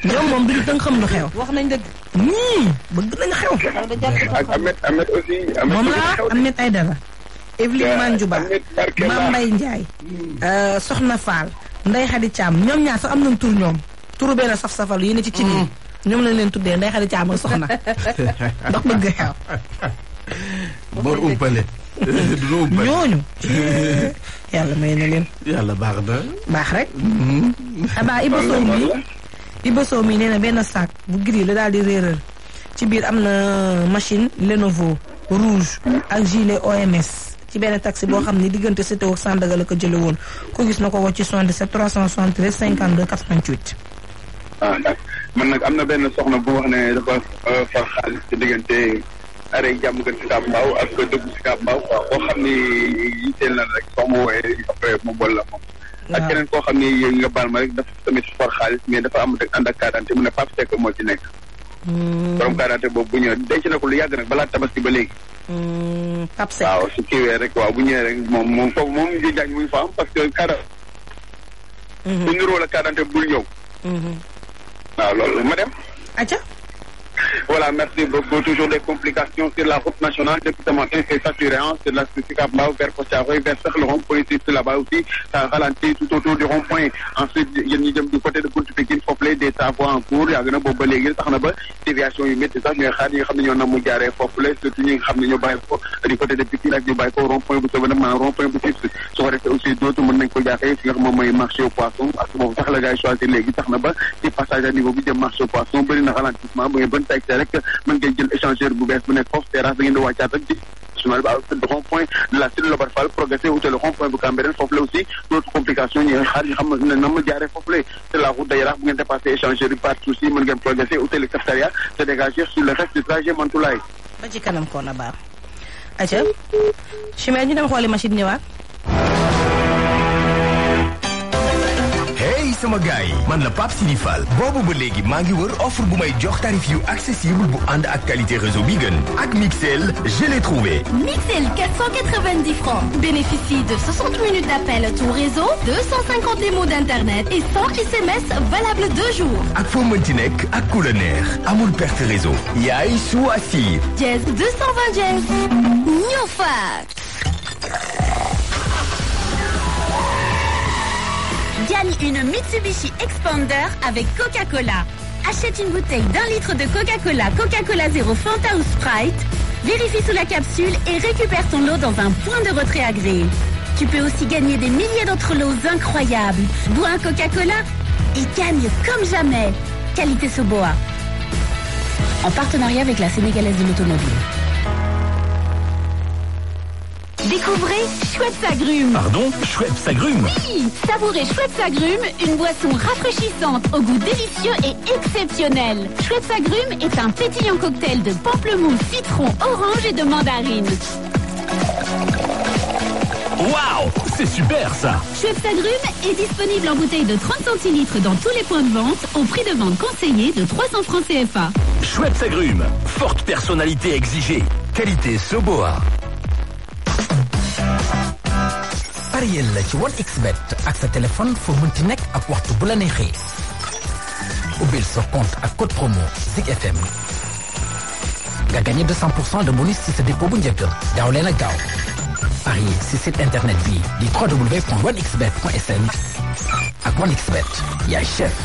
ñoom moom duñu tënk xam lu xew. wax nañ dëgg. ñii bëgg nañ xew. ak Ahmed Ahmed aussi. moom laa Ahmed Aïdara. Evelyne Mandiouba Mame Mbaye Ndiaye. Euh, Soxna Fall. Ndeye Khady Thiam ñoom ñaar sax am nañ tur ñoom. turu benn saf safal yi ne ci cin yi. Mm. ñoom lañ leen tuddee Ndeye Khady Thiam ak Soxna. <laughs> ndax bëgg xew. bor <laughs> umpale. ñooñu. <laughs> yàlla may na leen. yàlla baax na. baax rek. Mm. abaa Iba Sow mi. Iboso mi nee benn sac bu gris la daal di réeral ci biir am na machine Lenovo rouge ak gilet OMS ci benn taxi boo xam ni diggante Sétéo ak Sandaga la ko jële woon ko gis na ko wàcc ci 77 373 52 88. ah d' man nag am na benn soxna bu wax ne dafa euh, far xaalis diggante arrêt jàmm gën si Kaab Mbaaw ak dëgg si Kaab Mbaaw boo xam ni yitteel na rek soo ma wooyee mu boole la moom. ak keneen koo xam ne nga baal ma rek dafa tamit for xaalis mais dafa am ànd ak kaarante mu na Pape moo ci nekk. Hmm. borom kaarante boobu bu ñëwee denc na ko lu yàgg nag balaa tabaski ba léegi. Hmm. Pape Seck waaw su kiiwee rek waaw bu ñëwee rek moom moom foofu moom ñu jaañ muy fa am parce que hmm. bu niróo la kaarante bul ñëw. waaw loolu ma dem. acca <laughs> Voilà, merci beaucoup. Toujours des complications sur la route nationale. Depuis ce matin, c'est saturé. Hein, c'est la Sicabla vers Pocharoy, vers le rond-point. C'est là-bas aussi. Ça ralentit tout autour du rond-point. Ensuite, il a du côté de Boutoupekin, Foplé, des savoirs en cours. Il y a un bon déviation déviation humide. C'est ça, nous avons dit qu'on a mouillé Foplé, surtout nous avons dit qu'on a de Pékin, nous avons dit rond-point, vous savez, un rond-point, vous savez, ça aurait été aussi d'autres, nous avons dit qu'on a marché au poisson. À ce moment-là, le gars a a contexte rek mën ngeen jël échangeur bu bees bu nekk foofu terrasse da ngeen di wàccaat rek di suma ba rond point de la cité Lobar Fall progressé wuute le rond point bu Cambérène foofu la aussi d'autres complications ñu xaar ñu xam ne na ma jaaree foofu la c'est la route de Yaraax bu ngeen dépassé échangeur bi par souci mën ngeen progressé wuute le cafétéria se dégager sur le reste du trajet Mantoulaye ba ci kanam koona baax aca chimère ñu dem xooli machine ñëwaat hey sama gaay yi man la Pape Sidi Fall boobu ba léegi maa ngi wër offre bu may jox tarif yu accessible bu ànd ak qualité réseau bi gën ak Mixel je l'ai trouvé. Mixel 490 francs bénéficie de 60 minutes d'appel tout réseau 250 d'internet et 100 SMS valables deux jours. ak foo mënti nekk ak ku la neex amul perte réseau yaay su assi. dièse Gagne une Mitsubishi Expander avec Coca-Cola. Achète une bouteille d'un litre de Coca-Cola, Coca-Cola Vérifie sous la capsule et récupère ton lot dans un point de retrait agréé. Tu peux aussi gagner des milliers d'autres lots incroyables. Bois un Coca-Cola et gagne comme jamais. Qualité Soboa. En partenariat avec la Sénégalaise de l'automobile. Découvrez Chouette Agrumes. Pardon Chouette Agrumes Oui Savourez Chouette Agrumes, une boisson rafraîchissante au goût délicieux et exceptionnel. Chouette Agrumes est un pétillant cocktail de pamplemousse, citron, orange et de mandarine. Waouh C'est super ça Chouette Agrumes est disponible en bouteille de centilitres dans tous les points de vente au prix de vente conseillé de CFA. Chouette Agrumes, forte personnalité exigée. Qualité Soboa. pariel la ci 1xBet ak sa téléphone foo mënti nekk ak waxtu bu la neexee ubbil sa compte ak code promo Zik FM nga gagné 200 pour de bonus ci sa dépôt bu njëkk daaw leen ak gaaw parier ci site internet bi di www.1xBet.sn ak 1xBet yaay chef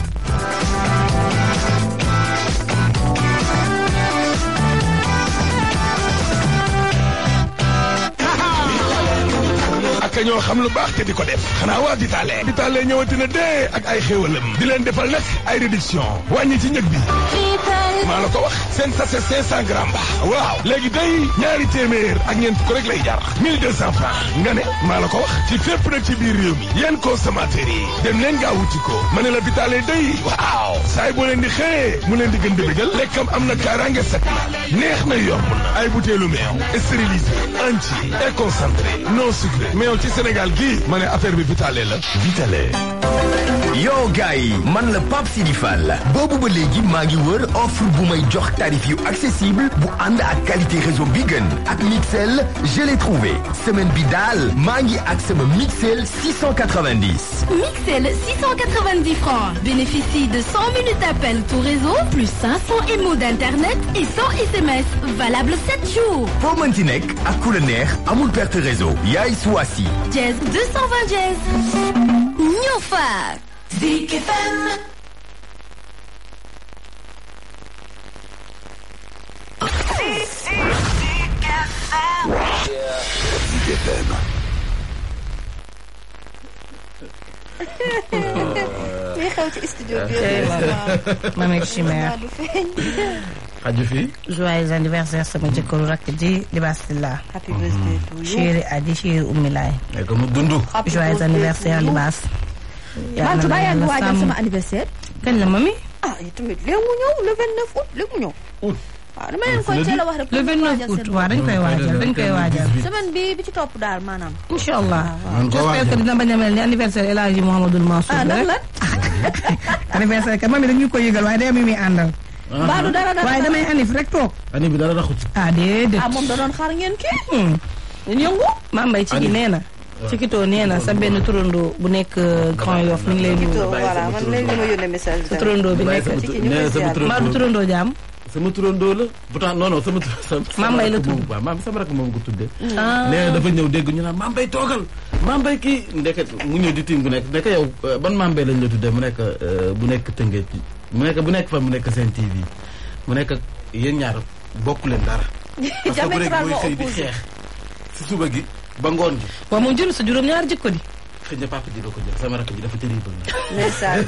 te ñoo xam lu baax te di ko def xanaa waa Ditale Ditale ñëwati dee ak ay xéewalam di leen defal nag ay réduction wàññi ci njëg bi maa la ko wax seen sachet 500 grammes ba waaw léegi day ñaari téeméer ak ñeent ko rek lay jar nga ne maa la ko wax ci fépp nag ci biir réew mi yéen consommateurs dem leen ngaa ko ma ne la vitale day waaw saay boo leen di xëyee mu leen di gën di bégal lekkam am na kaaraange set na neex na yomb na ay butéelu meew stérilisé anti et concentré non sucré meew ci Sénégal gii ma ne affaire bi vitale la vitale yow gars man la Pape Sidi Fall boobu ba bu may jox tarif yu accessible bu ànd ak qualité réseau bi gën Mixel je l'ai trouvé semaine bi daal maa ngi ak sama Mixel 690. Mixel 690 francs bénéficie de 100 minutes d'appel tout réseau plus 500 émo d'internet et SMS valable 7 jours. foo mën ci nekk ak ku amul perte réseau yaay suwaasi. Jazz Jazz. ñoo Zik FM. ma nekk chimère. xaju fii. joyeux anniversaire sama jëkkëru rakk ji di Bastila. happy birthday to you. chéri Adi chéri Oumy Laye. nekk mu dund. joyeux anniversaire Libaas. yaa ngi lay waajal sama anniversaire. kañ la mami. ah itamit léegi mu ñëw le 29 août léegi mu ñëw. août. waaw dama leen koy ah, teel a wax rek. le 29 août waaw dañ koy waajal dañ koy ah, waajal. semaine bi bi ci topp daal maanaam. incha allah ah, j'espère que dina bañ a mel ni anniversaire El Hadji Mouhamadoul Mansour. ah lan lan. <laughs> anniversaire kat mami dañu koy yëgal waaye day am yu muy àndal. baadu dara dara waaye damay anif rek toog. anif bi dara raxu ci. ah déedéet ah moom da doon xaar ngeen kii. ngeen hmm. yëngu. maa mbay ci gi nee na. Cikito nee na sa benn turandoo bu nekk euh, Grand Yoff mi ngi lay. Cikito voilà man léegi ma yónnee message. turandoo bi nekk. nee na sama turandoo jaam sama turandoo la bu tax non non sama sama. maam Mbaye la tudd sama rakk moom ko tuddee. Ah. nee na dafa ñëw dégg ñu naan maam Mbaye toogal. maam Mbaye kii ndeket mu ñëw di tiim bu nekk ndeket yow euh, ban mambay Mbaye lañ la tuddee mu nekk euh, bu nekk Tëngéej mu nekk bu nekk fan mu nekk seen TV mu nekk yéen ñaar bokk leen dara. jafe-jafe <laughs> parce que bu xeex si suba gi ba ngoon gi. waaw moom jël sa juróom-ñaar jikko di. xëy na papa ji la ko jël sama rakk ji dafa terrible <laughs> na. ndeysaan.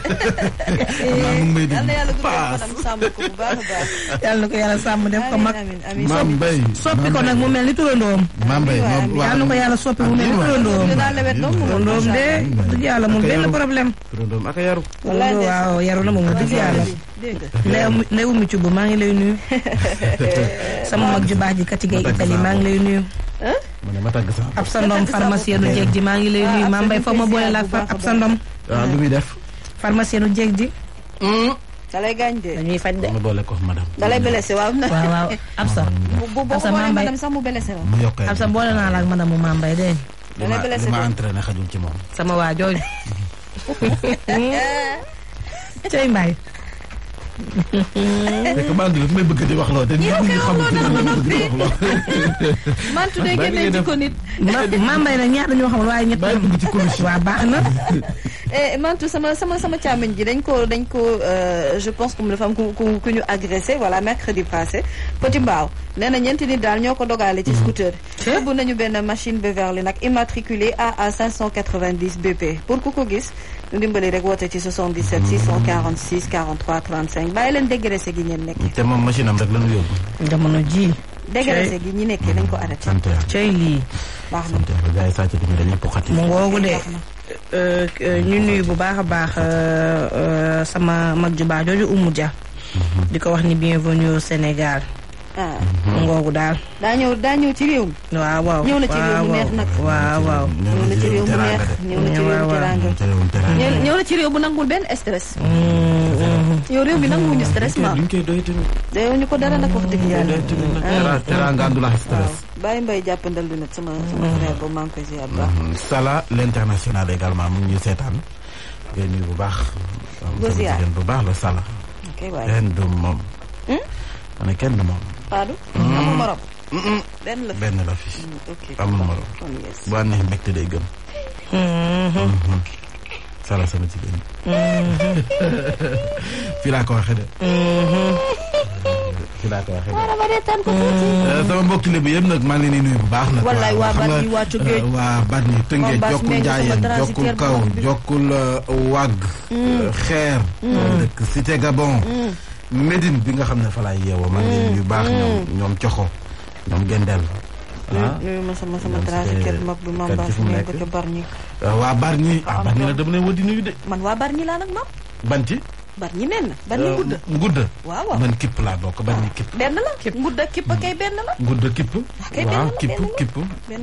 yal na yàlla gudd sàmm ko bu baax a baax. yal na ko yàlla sàmm def ko mag. amiin amiin maam Bay soppi ko nag mu mel ni turandoom. maam Bay yal na ko yàlla soppi mu mel ni turandoom. dinaa lewet doom mu turandoom de. dëgg yàlla moom benn problème. turandoom ak a yaru. waaw yaru na moom dëgg yàlla. dégg nga Ndeye Oumy Thioub maa ngi lay nuyu. <laughs> sama mag ju ji kati gay Italie maa ngi lay nuyu. ma ne ma tàgg sax. ab sa ndom pharmacien nu jeeg ji maa ngi lay nuyu maa mbay ma boole laak ab sa ndom. waaw ah, lu muy def. pharmacien nu jeeg ji. Hmm. dalay gaañ de dañuy faj de. ma boole ko madame. dalay blessé waaw. <laughs> waaw waaw sa. bu bu sa boole naa la ak madame mu maa mbay de. dalay blessé de li ma xajul ci moom. sama waa jooju. <laughs> <laughs> cey mbaay. <laughs> fekk Mantu daf may bëgg di wax loo yow kay <laughs> waxoon ko bëgg wax Mantu day génne ci ko nit. maa mbay nag ñaar dañoo xamul baax na. <laughs> Eh, Mantu sama sama sama càmmiñ ji dañ ko dañ ko euh, je pense que dafa am ku ku ñu agressé voilà mercredi passé. Petit Mbaaw nee na ñeenti nit daal ñoo ko dogaale ci mm. scooter. yóbbu nañu benn machine Beverly nag immatriculée AA 590 BP pour ku ko gis. ñu dimbali rek woote ci 77 646 43 35 bàyyi leen dégraissé gi ngeen nekk. te moom machine am rek la ñu yóbbu. jamono ji. gi ñi nekkee dañ ko arrêté. sant yàlla cay lii. baax na sant yàlla gars yi sàcc euh, euh, ñu nuyu bu baax a baax euh, sama mag ju baax jooju Oumou Dia. Mhm. di ko wax ni bienvenue au Sénégal. ah ngoogu daal. daa ñëw daa ñëw ci réew ci réew mu neex nag. waaw waaw ñëw na ci réew mu bu nangul benn stress. Mm, mm. yow réew mi nanguwuñu stress ma. ñu koy doy ko dara nag wax dëgg yàlla. Ah. teraanga andul ak stress. bàyyi mbay jàppandal bi nag sama mm. sama frère boobu maa ngi koy ziar baax. Mm-hmm. Sala l'international également mu ngi seetaan. ngeen nuyu bu baax. bu ziar bu baax la Sala. ok kenn du moom. ma hmm? kenn du moom. Fadou. Hmm. amul morom. Hmm. benn la fi benn la fi. Hmm, ok amul morom. bu ànneex mbégte day gën. sala sama jigéen ñi. fii laa ko waxee de. fii laa ko waxee de. Eh, sama mbokk lébu yëpp nag maa ngi leen di nuyu bu baax nag. wallaay waa Badni waa Cogéej eh, waa Badni Tëngéej jokkul Njaayeen jokkul kaw jokkul eh, wàgg. xeer. dëkk Cité Gabon. Médine bi nga xam ne fa laay yeewoo. man leen yu baax mm, ñoom mm. ñoom coxo ñoom gendel mm, ah nuyu ma sama sama mag bi maam Ba su ma ba ca Bargny. Ah, waa Bargny ah Bargny nag dama lay woo di nuyu de. man waa Bargny laa nag maam. Banti. Bargny nen na Bargny euh, ngudda ngudda waaw waaw man kipp laa bokk Bargny kipp la ngudda kipp ah, kay benn la ngudda kipp waaw kipp kipp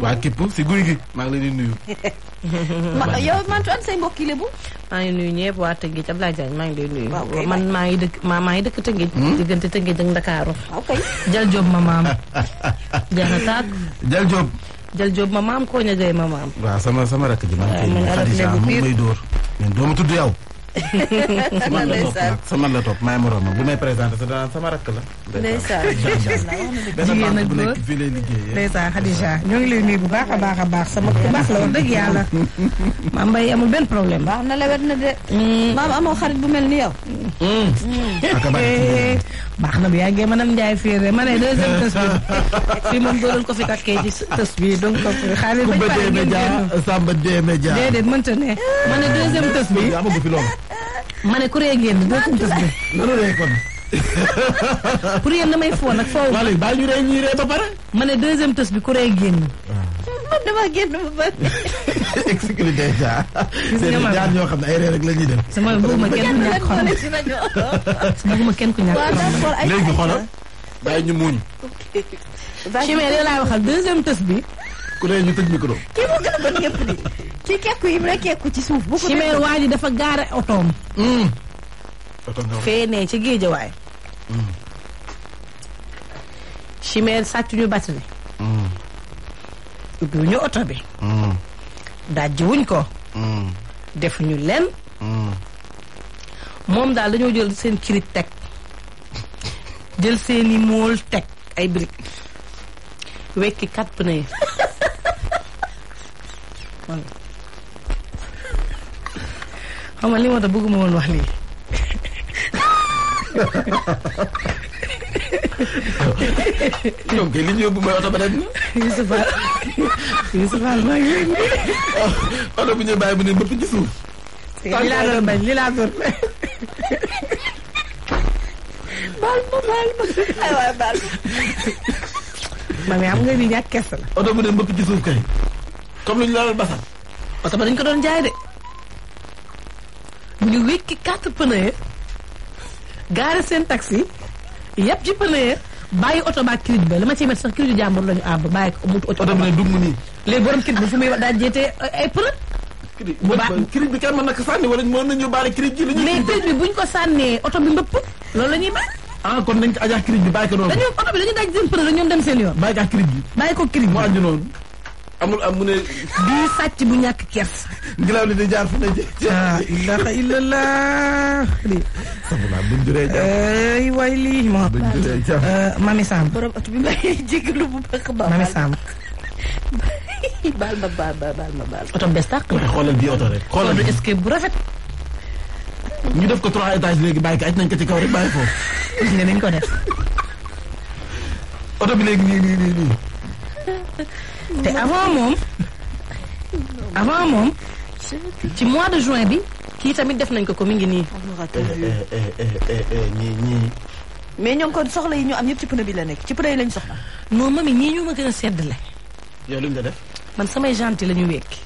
waa kipp si guy gi maa ngi leen di nuyu <laughs> yow mantu an say mbokki lébu maa ngi nuyu ñëpp waa Tëngéej Abdoulaye Diagne maa ngi lay nuyu man maa ngi dëkk maa maa ngi dëkk Tëngéej hmm? diggante Tëngéej ak Ndakaaru jal ma maam <laughs> jal job jal job ma maam koo ña gay ma maam waaw sama sama rakk ji maa ngi koy nuyu Khadija mu ngi may dóor tudd yow sama la topp nag sama la topp maay moroomam bu may présenté sa daan sama rakk la. ndeysaan jigéen ak góor ndeysaan Khadija ñoo ngi lay nuyu bu baax a baax a baax sama ku baax la wax dëgg yàlla. maam Mbaye amul benn problème. baax na lewet na de. Mm. maam amoo xarit bu mel ni yow. Mm. Mm. <laughs> baax na bi yaa manam Ndiaye fii ma ne deuxième tës bi <laughs> fii moom dooral ko fi takkee ci tës bi donc xaaral. Kumba Démé Dia Samba Démé Dia déedéet mënta ne. ma ne deuxième tës bi. ma ne ku réeg yéen dootuñu tës de. nanu réeg kon. <laughs> pour yéen damay foo nag foofu. waa léegi baal ñu réeg ba pare. ma ne deuxième tës bi ku réeg yéen. Ah. man damaa génn ba pare. <laughs> expliqué déjà. gis nga maanaam ñoo xam ne ay réer rek la ñuy def. sama bëgguma <laughs> kenn ku ñàkk xool xool léegi ñu muñ. ok. Chimère yow laay bi. ku ne ñu kii moo gën a doon ñëpp di ci kekku yi mu ne kekku ci suuf. bu waa ji dafa gaare otoom. Hmm. oto nga ne ci géejawaay. Hmm. chimère sàcc ñu batterie. Hmm. ubbi oto bi. dajji wuñ ko. defuñu lenn. moom daal dañoo jël seen kirib teg jël seeni mool teg ay briques wekki kat pneu <laughs> yi. man xam nga li moo tax bëgguma woon wax lii. ñoom kay li ñu yóbbu mooy ba dem. Youssou Fall Youssou Fall maa ngi ah, bu ñu bàyyi bu ne bëpp ci suuf. li laa doon bañ li laa doon bañ. baal am nga ni ñàkk kese la. oto bu ne bëpp ci suuf kay. comme lu ñu laalal basam oto ba dañ ko doon jaay de bu ñu wékki quatre pneus gaare seen taxi yëpp ci pneu bàyyi oto ba kilit ba ko mutu oto nañu baale kirit ji. mais kirit bi buñ ko sànnee oto bi mbëpp loolu la ñuy baal. ah kon nañ ko ajax kirit bi bàyyi ko noonu. dañoo oto seen pneu ñoom dem seen yoon. bàyyi ko ak bi bàyyi ko kirit bi mu noonu. amul am mu ne. bii sàcc bu ñàkk kers. ngelaw li di jaar fu ne jeex. ah ilaha illallah. alhamdulilah buñ juree jàmm. ay waay lii moo. buñ juree jàmm. Euh, Mami Samb. borom at bi ma jégalu bu baax a baax. Mami Samb. baal ma baal ma baal ma baal. oto bees tàq la. xoolal bii oto rek. xoolal bi est-ce que bu rafet. ñu def ko trois étages léegi bàyyi ko aj nañ ko ci kaw rek bàyyi foofu. gis nga nañ ko def. oto bi léegi nii nii nii nii. te avant moom avant moom ci mois de juin bi kii tamit def nañ ko ko mi ngi nii. Eh, eh, eh, ñii ñii. mais ñoom kon soxla yi ñu am yëpp ci pneu bi la nekk ci pneu lañ soxla. non mami ñii ñu ma gën a sedd la. yow lu man samay gentil lañu ñu wekki.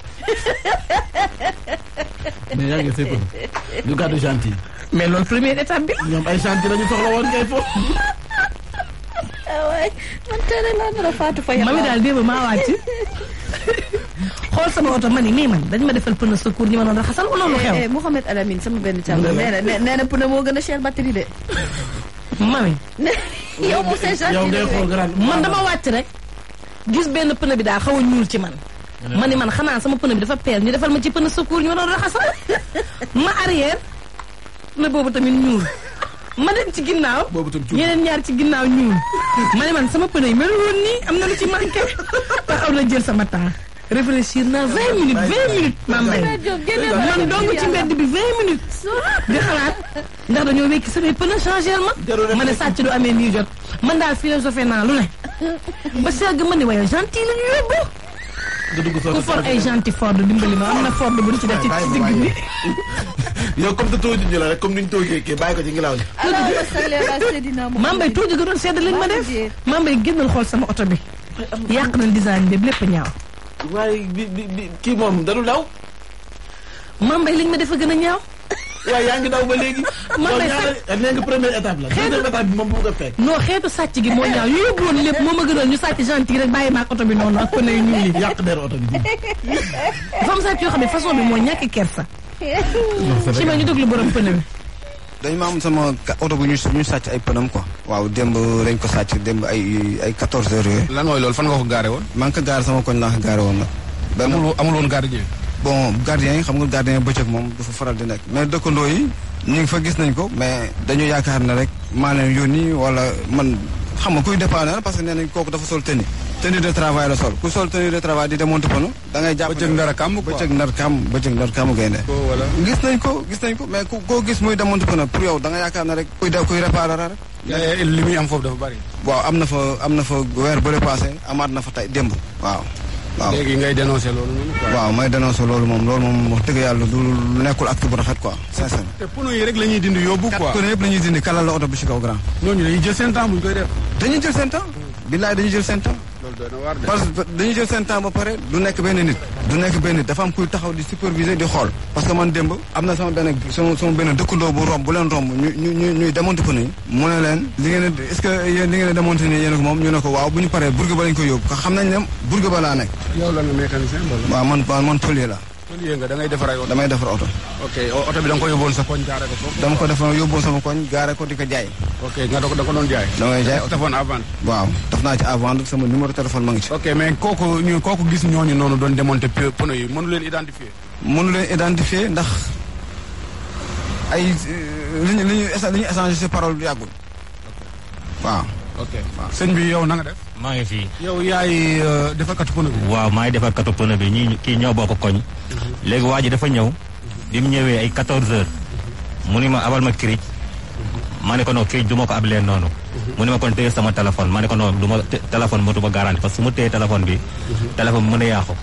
mais yaa ngi sëy ko mais loolu première étape soxla woon ngay foofu. waaw man tere laa nar a faatu ma yàlla. mami daal démb maa wàcc xool sama oto ma ni mii man dañ ma defal pneu secours ñi ma doon raxasal wala lu xew. Eh, eh, Mouhamed Alamine sama benn càmm nee na nee na pneu moo gën a cher batterie de. mami. <laughs> yow mu seen yow day xool man dama wàcc rek gis benn pneu bi daa xaw a ñuul ci man. Eh. man ni man xanaa sama pneu bi dafa peer ñu defal ma ci pneu secours ñu ma doon sa <laughs> ma arrière pneu boobu tamit ñuul. ma dem ci ginnaaw. boobu tam ñaar ci ginnaaw ñuul. ma man sama pneu yi melul woon nii am na lu ci manqué. ba aw na jël sama temps. réfléchir na vingt minutes vingt minutes. maa may man dong ci mbedd bi vingt minutes. di xalaat ndax dañoo wekki samay pneu changer ma. ma ne sàcc du amee nii jot. man daal philosophé naa lu ne. ba seeg ma ne waaye ñu yóbbu. nga dugg Ford. ku for ay gentil Ford dimbali ma am na Ford bu ñu ci def ci digg bi. <laughs> yow comme te tooju la rek comme ni ñu toojee kii bàyyi ko ci ngelaw li. maam bay tooju ga doon sedd lañ ma def. maam bay génnal xool sama oto bi. yàq na design bi lépp ñaaw. waaye bi kii moom dalu law. maam bay liñ ma def a gën a ñaaw. waaye yaa ngi daw ba léegi. man lay sàcc nee nga la. moom bu ko fekk. non xeetu sàcc gi moo ñaaw yu yóbbu woon lépp moo ma gënal ñu sàcc gentil rek bàyyi oto bi noonu ak pneu yu ñuul yi. oto bi. dafa sàcc yoo xam ne façon bi moo ñàkk kersa. ci ma ñu déglu borom pneu bi. dañ ma am sama oto bu ñu ñu sàcc ay pënam ko waaw démb dañ ko sàcc démb ay ay quatorze heures yooyu. lan mooy loolu fan nga ko gaare woon. maa ngi ko gaare sama koñ laa ko gaare woon nag. amul woon gaare ji bon gardien yi xam nga gardien bëccëg moom du fa faral di nekk mais dëkkandoo yi ñu ngi fa gis nañ ko mais dañu yaakaar ne rek maa yoon yónni wala man xam nga kuy dépendre parce que nee nañ kooku dafa sol tenue tenue de travail la sol ku sol tenue de travail di démonte pano da ngay jàpp bëccëg ndar bëccëg ndar kàmm bëccëg ndar kàmm gaynde gis nañ ko gis nañ ko mais ku koo gis muy démonte pano pour yow da nga yaakaar ne rek kuy def kuy réparer rek am foofu dafa bari waaw am na fa am na fa weer bële passé amaat na fa tey démb waaw waaw léegi ngay dénoncé may dénoncé loolu moom loolu moom wax dëgg yàlla du nekkul acte bu rafet te pono yi rek la ñuy dindi yóbbu quoi. kat pono yëpp la dindi kalal la oto bi si seen temps bu ñu koy seen temps. billaay dañu jël seen temps. loolu doy na waar de. parce que dañu jël seen ba pare du nekk benn nit. du nekk benn nit dafa am kuy taxaw di superviser di xool. parce que man démb am na sama benn sama sama benn dëkkandoo bu romb bu leen romb ñu ñu ñu ñuy démonte ko nii. mu ne leen li ngeen est ce li ngeen a nii yéen a ko moom ñu ne ko waaw bu ñu paree Bourguiba lañ ko yóbbu. xam nañ ne Bourguiba laa nekk. waaw man man pëlier la lii nga da ngay defar ay damay defar oto. ok oto bi da nga ko yóbbuwoon sa koñ gaare ko foofu. dama ko defoon yóbbuwoon sama koñ ko di ko jaay. ok nga doon jaay. da ngay jaay oto defoon à vendre. waaw def naa ci à vendre sama numéro téléphone ma ngi ci. ok mais kooku ñu kooku gis ñooñu noonu doon démonter pneu yi mënu leen ndax ay euh, li ñu li si parole yàggul. waaw. ok bi yow na def. maa ngi fii. yow yaay euh, defarkatu pono bi. waaw maay defarkatu pono bi ñii kii ñoo ko koñ. Mhm. léegi waa ji dafa ñëw. bi mu ñëwee ay 14 heures. Mhm. mu ni ma abal ma kirij. Mhm. ma ne ko du ma ko ab leen noonu. mu kon téye sama téléphone ma ne ko non du ma téléphone motu ma garanti parce que su ma téye téléphone bi. téléphone bi mën a yàqu.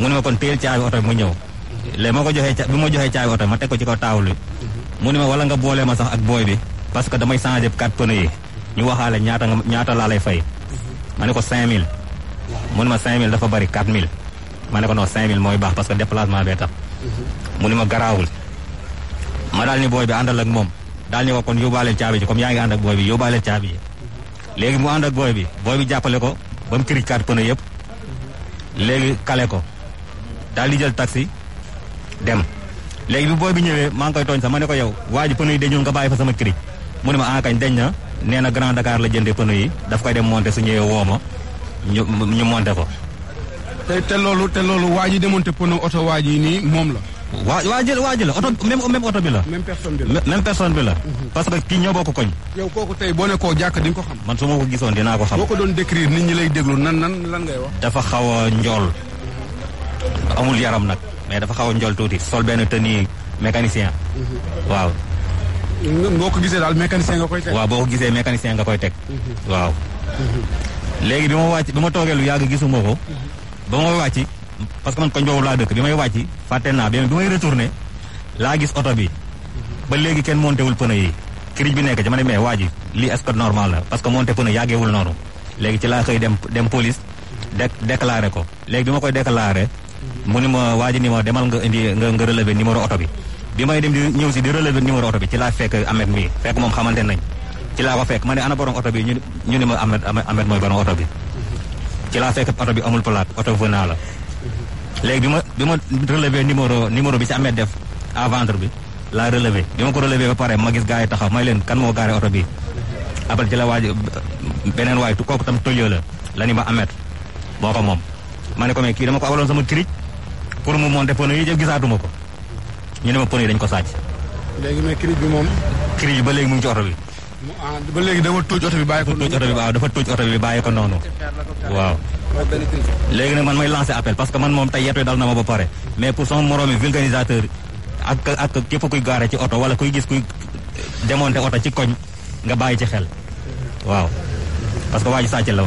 mu ne ma kon téyel caabi oto bi mu ñëw. léegi ma ko joxee ca ma joxee caabi oto bi ma teg ko ci ko taawul bi. mu ne ma wala nga boolee ma sax ak booy bi. parce que damay changé carte pneu yi. ñu waxaale ñaata nga ñaata laa lay fay. ma ne ko 5000 mu ne ma 5000 dafa bëri 4000 ma ne ko non 5000 mooy baax parce que déplacement bee tax. mu ne ma garaawul. ma daal ni booy bi àndal ak moom daal ni ko kon yóbbaale caabi ji comme yaa ngi ànd ak booy bi yóbbaale caabi ji. léegi mu ànd ak booy bi booy bi jàppale ko ba mu kiri kaat pënë yëpp. léegi kale ko daal di jël taxi dem. léegi bi booy bi ñëwee maa ngi koy tooñ sax ma ne ko yow waa ji pënë yi dañul nga bàyyi fa sama kiri mu ne ma ah kañ deñ na. nee na Grand Dakar la jënde pneu yi daf koy dem monter su ñëwee woo ma ñu ñu monter ko. te te loolu te loolu waa ji démonter pneu oto waa ji nii moom la. waa waa jël waa la oto même oto bi la. même personne bi la même personne bi la. Mhm. parce que kii ñoo bokk koñ. yow kooku tey boo ne koo jàkk di ko xam. man su ma ko gisoon dinaa ko xam. boo ko doon décrire nit ñi lay nan nan lan ngay wax. dafa xaw a njool mhm. amul yaram nag mais dafa xaw a njool tuuti sol benn tenue mécanicien mhm. waaw. boo ko gisee daal mécanicien nga koy boo ko gisee mécanicien nga koy teg. Mhm. waaw. léegi bi ma wàcc bi ma toogee lu yàgg gisuma ko. Mhm. ba ma wàcc parce que man koñ boobu laa dëkk bi may wàcc fàtte naa bi may retourné laa gis oto bi. Mhm. ba léegi kenn monté wul pneu yi. kirij bi nekk ci ma ne mais waa ji lii est-ce normal la parce que monté pneu yàggeewul noonu. léegi ci laa xëy dem dem police. de déclaré ko léegi bi ma koy déclaré. mu ni ma waa ni ma demal nga indi nga nga relevé numéro oto bi. bi may dem di ñëw si di relever numéro oto bi ci laa fekk Ahmed mii fekk moom xamante nañ ci laa ko fekk ma ne ana borom oto bi ñu ñu ne ma Ahmed Ahmed mooy borom oto bi ci laa fekk oto bi amul plaque oto venant la léegi bi ma bi ma numéro numéro bi si Ahmed def à bi laa relever bi ma ko relever ba pare ma gis gars yi taxaw may leen kan moo gaare oto bi après ci la waaj beneen waay kooku tam tolio la la ni ma Ahmed boo ko moom ma ne ko mais kii dama ko sama cric pour mu monter pono yi jëf gisaatuma ko ñu ne ma pneu yi dañ ko sàcc. léegi mais crise moom. crise bi ba léegi mu ngi ci oto bi. Ah ba léegi dafa tóoj oto bi bàyyi ko. tóoj oto bi dafa tóoj oto bi bàyyi ko noonu. waaw. léegi nag man may lancé appel parce que man moom tey yettu dal na ma ba pare. mais pour sama moroomi vulcanisateur ak ak képp kuy gaare ci oto wala kuy gis kuy démonter oto ci koñ nga bàyyi ci xel. waaw parce que waa ji sàcc la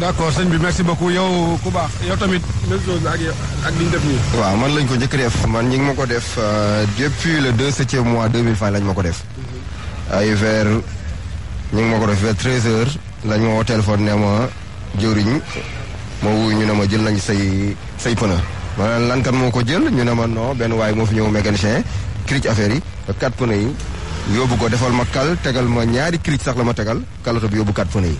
d'accord sëñ bi merci beaucoup yow ku baax yow tamit même ak ak ñu def nii. waaw man lañ ko njëkk def man ñi ngi ma ko def euh, depuis le deux septième mois deux mille vingt lañ ma ko def. Mhm. ay ver ñu ngi ma ko def vers treize heures lañ ma woo téléphone ne ma jëwriñ ma wuyu ñu ne ma jël nañ say say pneu. ma lan kan moo ko jël ñu ne ma non benn waay moo fi ñëw mécanicien cric affaire yi quatre pneu yi yóbbu ko defal ma kal tegal ma ñaari cric sax la ma tegal kalato bi yóbbu quatre pneu yi.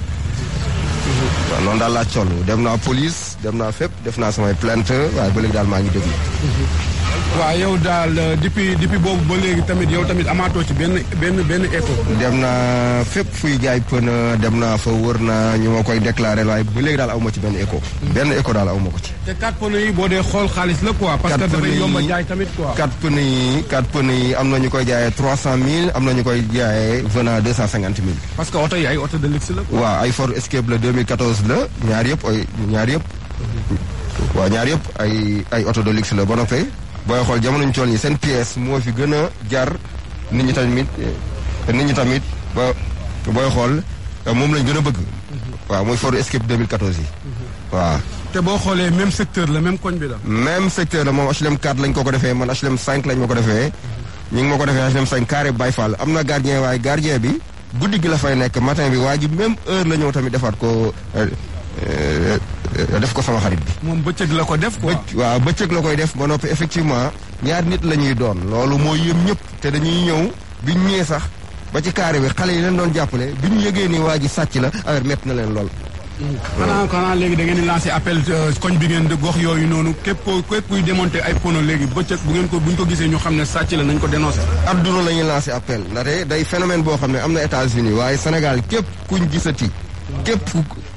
waaw noonu daal laa toll dem naa police dem naa fépp def naa samay plainte waaye ba daal maa ngi déglu waaw yow daal euh, depuis depuis boobu ba léegi tamit yow tamit amaatoo ci benn benn benn écho. dem naa fépp fuy jaay pën dem naa fa wër naa ñu ma koy déclaré waaye ba léegi daal aw ma ci benn écho. Hmm. benn écho daal aw ma ko ci. te quatre pën yi boo dee xool xaalis la quoi. parce que dafay yomb pën yi am na ñu koy jaayee trois cent mille am na ñu koy jaayee venant deux cinquante mille. parce que oto yi ay oto de luxe la quoi. waaw ay Ford Escape la 2014 la ñaar yëpp ay ñaar yëpp. Hmm. waaw ñaar yëpp ay ay oto de luxe la ba booy xool jamono ñu toll nii seen pièce moo fi gën a jar nit ñi tamit nit ñi tamit ba booy xool moom lañ gën a bëgg. waaw mooy Ford Escape 2014 yi. Mhm. waaw. te boo xoolee même secteur la même koñ bi la. même secteur la moom HLM 4 lañ ko ko defee man HLM cinq lañ ma ko defee. ñu ngi ma ko defee HLM 5 carré Baye Fall am na gardien waaye gardien bi guddi gi la fay nekk matin bi waa ji même heure la ñëw tamit defaat ko. Euh, euh, def ko sama xarit bi. moom bëccëg la ko def quoi. waaw bëccëg la koy def ba noppi effectivement ñaar nit la ñuy doon loolu mooy yëm ñëpp te dañuy ñëw bi biñ ñëwee sax ba ci carré bi xale yi leen doon jàppale biñ yëgee ni waa ji sàcc la affaire métti leen lool. xanaa xanaa léegi da ngeen di lancé appel euh, koñ bi ngeen di gox yooyu noonu képp koo képp kuy démonté ay pono léegi bëccëg bu ngeen ko bu ñu ko gisee ñu xam ne sàcc la nañ ko dénoncé. adduna la ñuy lancé appel ndaxte day phénomène boo xam ne am na états uni waaye Sénégal képp kuñ gisati. képp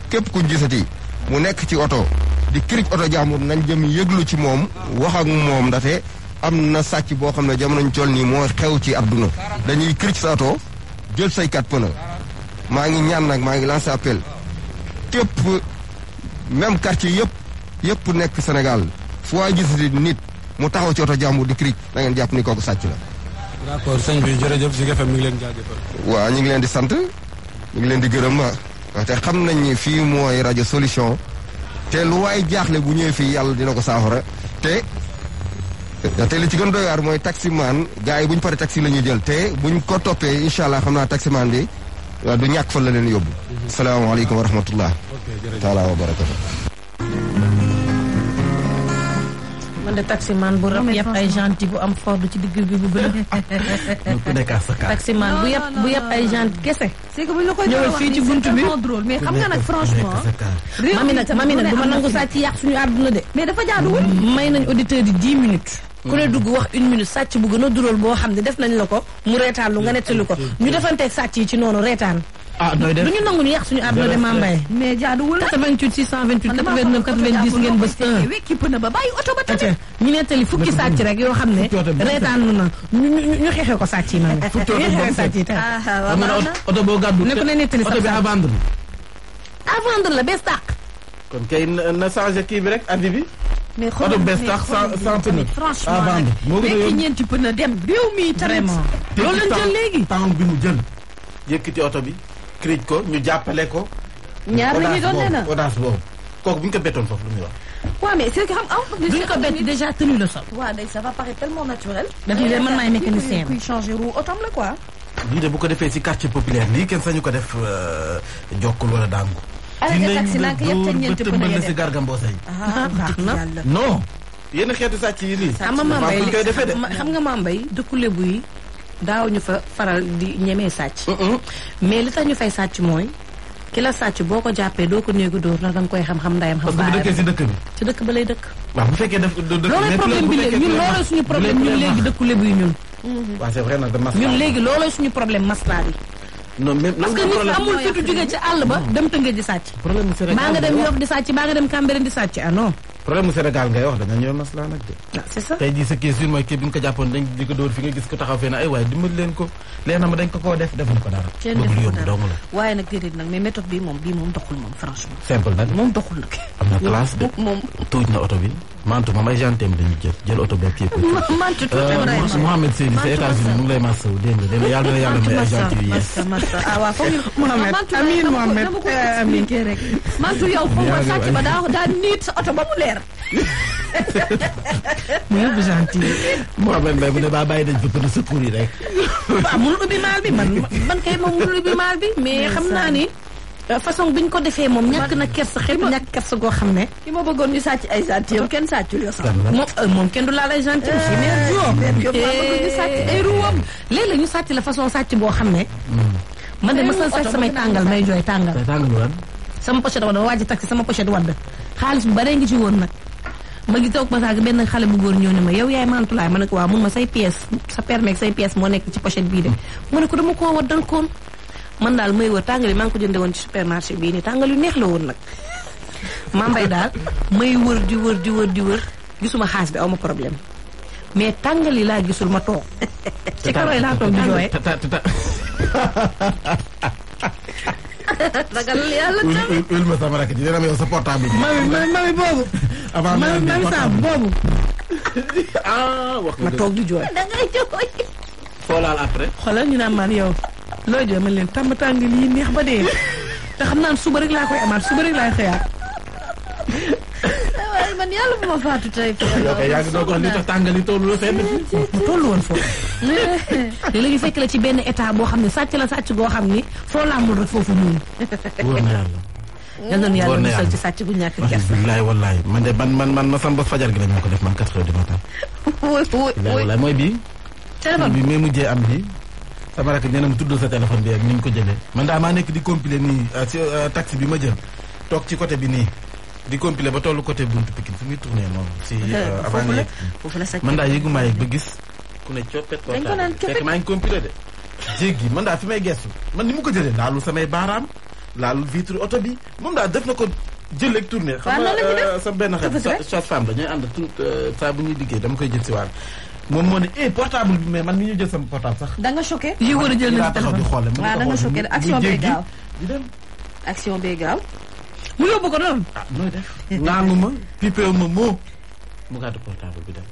képp kuñ gisati mu nekk ci oto di kirij oto jaamur nañ jëm yëglu ci moom wax ak moom ndaxte am na sàcc boo xam ne jamono ñu toll nii moo xew ci àdduna dañuy kirij sa oto jël say kat pëna maa ngi ñaan nag maa ngi lancé appel képp même quartier yëpp yëpp nekk Sénégal foo gis nit mu taxaw ci oto jaamur di kirij da ngeen jàpp ni kooku sàcc la. d'accord sëñ bi jërëjëf Zik FM mi ngi leen jaajëfal. waaw ñu ngi leen di sant ñu ngi leen di gërëm te xam nañ ni fii mooy rajo solution te lu waay jaaxle bu ñëwee fii yàlla dina ko saafara te te li ci gën doy waar mooy taximaan gars yi buñ pare paree taxi la ñuy jël te buñ ko toppee incha allah xam naa taximaan bi du ñàkk fa la leen yóbbu. Mhm. salaamaaleykum wa rahmatullah. taala wa barakatu. man de taximan bu rab yëpp ay gentil bu am ford ci digg bi bu gën <laughs> a. ku sa cas. taximan bu yëpp bu yëpp ñëwal fii ci buntu bi drôle mais duma nangu saa ci suñu àdduna de. mais dafa jaaduwul. may nañ auditeur di 10 minutes. ku ne mm. dugg wax une minute sàcc bu gën a boo xam ne def nañ la ko mu reetaan lu nga nettali ko mm. ñu defanteeg sàcc yi ci noonu reetaan ah nooy def du ñu nangu ñu yàq suñu àdduna de Mambaye. mais jaaduwul 88 628 89 90 ngeen bës 1. wekki pëna ba bàyyi oto ba tamit. ñu nettali fukki sàcc rek yoo xam ne. reetaanu na ñu ñu ko sàcc yi yi tamit. waaw waaw oto boo gàddu. ne ko ne nettali sax a bi à vendre. à vendre la bees kon kay na changé kii bi rek andi bi. mais xoolal mais xoolal bi franchement nag fekk ñeenti pëna dem réew mi tamit. loolu lañ jël léegi bi mu jël yëkkati oto bi kirij ko ñu jàppale ko. ñaar la ñuy doon na audace boobu kooku bu ñu ko bettoon foofu lu muy wax. waaw mais c'est que xam nga. duñ ko bett déjà tenu le sol. waaw day ça va paraître tellement naturel. daf leen mën maay mécanicien bi la quoi. lii de bu ko defee ci quartier populaire lii kenn sañu ko def euh, jokkul wala dàngu. alal nga taxi nag yëpp te ba ah, yenn xeetu sàcc yi nii. Ah, xam nga Mame Mbaye dëkku Lebu yi daaw ñu fa faral di ñemee sàcc. mais li tax ñu fay sàcc mooy. ki la sàcc boo ko jàppee doo ko néegu dóor ndax danga koy xam-xam ndayam xam baayam parce dëkk bi. ci dëkk ba lay dëkk. waaw bu fekkee daf loolooy problème bi léegi ñun loolooy suñu ñun léegi dëkku lébu yi ñun. Mm-hmm. waaw c'est vrai nag de suñu problème maslaa bi. non mais parce que nit ci àll ba dem tëngee di sàcc. problème maa nga dem Yoff di sàcc maa nga dem Cambérène di sàcc ah non. problème mu Sénégal ngay wax da nga ñëw maslaa nag de. Ah, tey jii sa question mooy kii bi nga ko jàppoon dañ di ko dóor fi nga gis ko taxaw fee na waaye dimbali leen ko leen ma dañ ko koo def defuñu ko dara. kenn defuñu ko dara bëggul yomb dong la. waaye nag déedéet nag mais méthode bi moom bii moom doxul moom franchement. simple nag moom doxul nag. am na classe de moom tuuj na oto bi. mantu moom ay gendarme dañu jël jël oto ba kii ko. mantu tuuti euh, Ibrahima Mouhamed Seydi sa États-Unis mu ngi lay masawu dégg nga dégg nga yàlla na yàlla may ay gendarme yu yees. ah waaw foog Mouhamed amiin Mouhamed amiin rek. mantu yow foog ma sàcc ba daa daa niit sa oto ba mu leer. <laughs> mu yóbbu gentil. Mouhamed Mbaye bu ne baa bàyyi dañ bëgg na secours yi rek. waaw <laughs> ah, mënul ubbi maal bi man man kay moom mënul ubbi maal bi mais xam naa ni. Euh, façon bi ñu ko defee moom ñàkk na kersa xeetu ñàkk kersa goo xam ne. ki ma bëggoon ñu sàcc ay gentil kenn sàccul yoo sax. moom euh, moom kenn du laal ay gentil. si mère Diop mère Diop façon sàcc boo xam ne. Mm. man de ma sa eh, sàcc samay tàngal may jooy tàngal. sama pochette wadd ma waaj taxi sama pochette wadd xaalis bu baree ngi ci woon nag. ma gi toog basaag benn xale bu góor ñëw ne ma yow yaay mantulaay ma ne ko waaw mun ma say pièces sa permis say pièces moo nekk ci pochette bii de ma ne ko dama koo wadd dan koon man daal may wër tàngal yi ko jënde woon ci supermarché bii nii tàngal yu neex la woon nag maa daal may wër di wër di wër di wër gisuma xaas bi aw ma problème mais tàngal laa gisul ma toog <laughs> ci karo toog di boobu <laughs> mami mami boobu ah, ma toog di jooy <laughs> foo laal après. xoolal ñu naan maan yow loo jël ma leen tàmm tàng lii neex ba dee te xam naa suba rek laa koy amaat suba rek laay xëyaat. <laughs> waaye man yàlla bu ma faatu tey. <laughs> yow kay yaa ngi doon wax li tax tàngali tollu la fenn. mu <laughs> toll woon foofu. léegi fekk la ci benn état boo xam ne sàcc la sàcc goo xam ne foo laamul rek foofu ñuul. wóor na yàlla. nga doon yàlla musal ci sàcc bu ñàkk kersa. wallaay wallaay man de man man man ma sam ba fajar gi la ñu ko def man 4 heures du matin. wóoy wóoy mooy bii. téléphone bi mais mujjee am nii. sama rakk nee na mu tudd sa téléphone bi ak ni ñu ko jëlee. man daa maa nekk di compiler nii ah, si ah, taxi bi ma jël toog ci côté bi nii. di compiler ba tollu côté bu Pikine fu muy tourné moom. si avant nga yegg foofu la euh, foofu man daa yëgu maa ku ne coppet ko maa ngi compiler de. jéggi man daa fi may gestu man ni mu ko jëlee laalul samay baaraam laalul vitre oto bi moom daa def na ko. jël ak tourné xam nga euh, sa benn xel femme la ñooy ànd tout euh, saa bu ñuy liggéey dama koy jël si waat moom moo ne eh portable bi mais man mi ñu jël sama portable sax. da nga choqué. yi war a jël nañu téléphone waaw da nga choqué action bee gaaw action bee gaaw. mu yóbbu ko noonu. ah nooy def <laughs> naanu ma pipé ma moo. mu gàddu portable bi dem.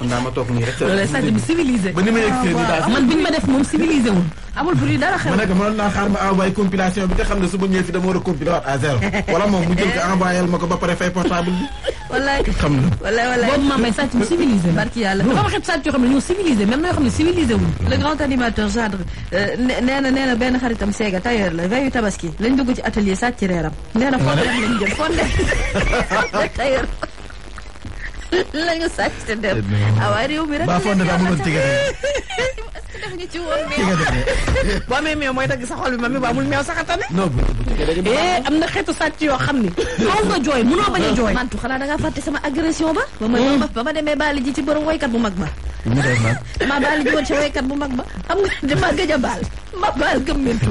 mën naa ma toog nii rek. loolu sàcc bi civilisé. ba ni ma yegg seen ah, man bi ñu ma def moom civilisé wul. amul bruit dara xel. ma nekk mënoon naa xaar ma envoyé compilation bi te xam ne su ma ñëwee fi dama war a compilé waat à zéro. wala moom mu jël ko envoyé ma ko ba pare fay portable bi. wallaay xam na. wallaay wallaay boobu maa may sàcc bi civilisé. barki yàlla dafa am xeet sàcc yoo xam ne ñoo civilisé même ñoo xam ne civilisé wul. le grand animateur genre euh, nee na nee na benn xaritam Sega tailleur la veille tabaski lañ dugg ci atelier sàcc reeram nee na fond rek lañ jël fond rek <laughs> tailleur la ñu sàcc dem. waaye réew mi rek. def ñu ci woon mooy dagg sa xol ma mi ba amul a tane. non na xeetu yoo xam ni. xaw nga a jooy. da ngaa fàtte sama agression ba. ba ma ba ma demee baali ji ci borom woykat bu mag ba. ñu doon baal. maa mag ba xam nga a baal. ma baal gëm mentu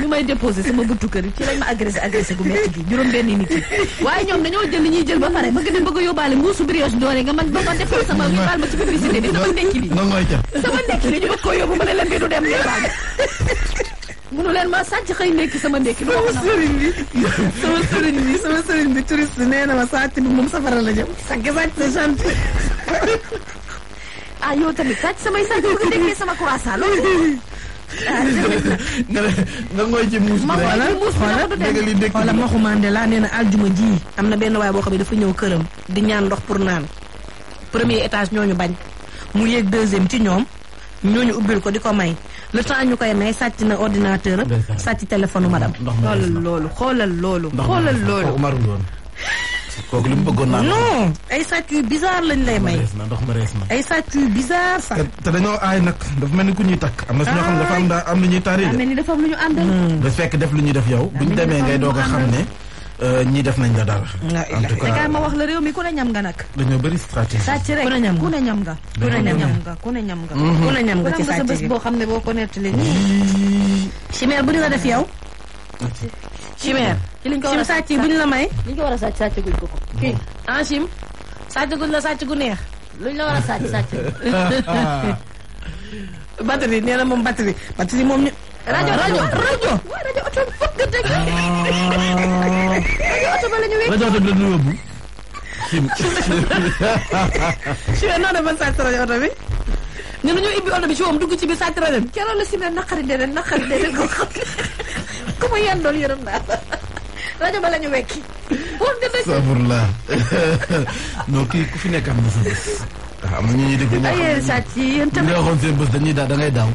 ñu may déposé sama buntu ci lañ ma agressé agressé gu métti gi juróom benn nit yi waaye ñoom dañoo jël li ñuy jël ba pare bëgg na bëgg a yóbbaale mbuusu brioche doore nga man ba ma sama ñu baal ma ci publicité bi sama ndekki li sama ndekki li bëgg koo yóbbu du dem ngay munu leen ma sàcc xëy ndékki sama ndékki sama sëriñ bi sama sëriñ bi sama sëriñ bi touriste nee na ma sàcc bi moom safara la jëm sàcc sàcc sa ah, chante sàcc samay sàcc nga déggee sama croissant loolu ah, nga nga ngooy ci muus bi rek xoola ma xumande laa nee aljuma ji am na benn waay boo xam ne dafa ñëw këram di ñaan ndox pour naan premier étage ñooñu bañ mu yéeg deuxième ci ñoom ñooñu ubbil ko di ko may le temps ñu koy may sàcc na ordinateur sàcc téléphone madame xoolal loolu xoolal loolu xoolal loolu kooku li mu bëggoon naa. non ay sàcc yu bizarre lañ lay may. ndox ma rees na ay sàcc yu bizarre sax. te dañoo aay nag daf mel ni ku ñuy takk. am na si ñoo xam ne dafa am daa am lu ñuy taari de. dafa am lu ñu àndal. bu fekk def lu ñuy def yow. bu ñu demee ngay doog a xam ne. Euh, ñii def nañ la dara. en tout cas ma wax la réew mi ku ne ñam nga nag. dañoo bëri stratégie. sàcc rek ku ne ñam nga ku ne ñam nga. ku ne ñam nga ku ne ñam nga. Mhm. ku ne ñam nga ci sàcc bés boo xam ne boo ko nettali nii. chimère bu ñu la def yow. chimère. ci liñ ko war a bu ñu la may. liñ ko war a sàcc sàcc guñ ko ko. kii ah la sàcc gu neex. luñ la war a sàcc sàcc. <laughs> batterie nee na moom batterie batterie moom ñu. rajo rajo rajo. dëgg. rajo oto ba la <laughs> ñu rajo oto bi la ba sàcc rajo oto dugg ci biir sàcc rajo bi. keroog la Chimère naqari ku ñu wekki. <laughs> kii ku fi nekk am na sa bés. waaw am ñu ñuy déglu. ay yéen sàcc yi yéen tamit. ñu seen bés dañuy daaw da daaw.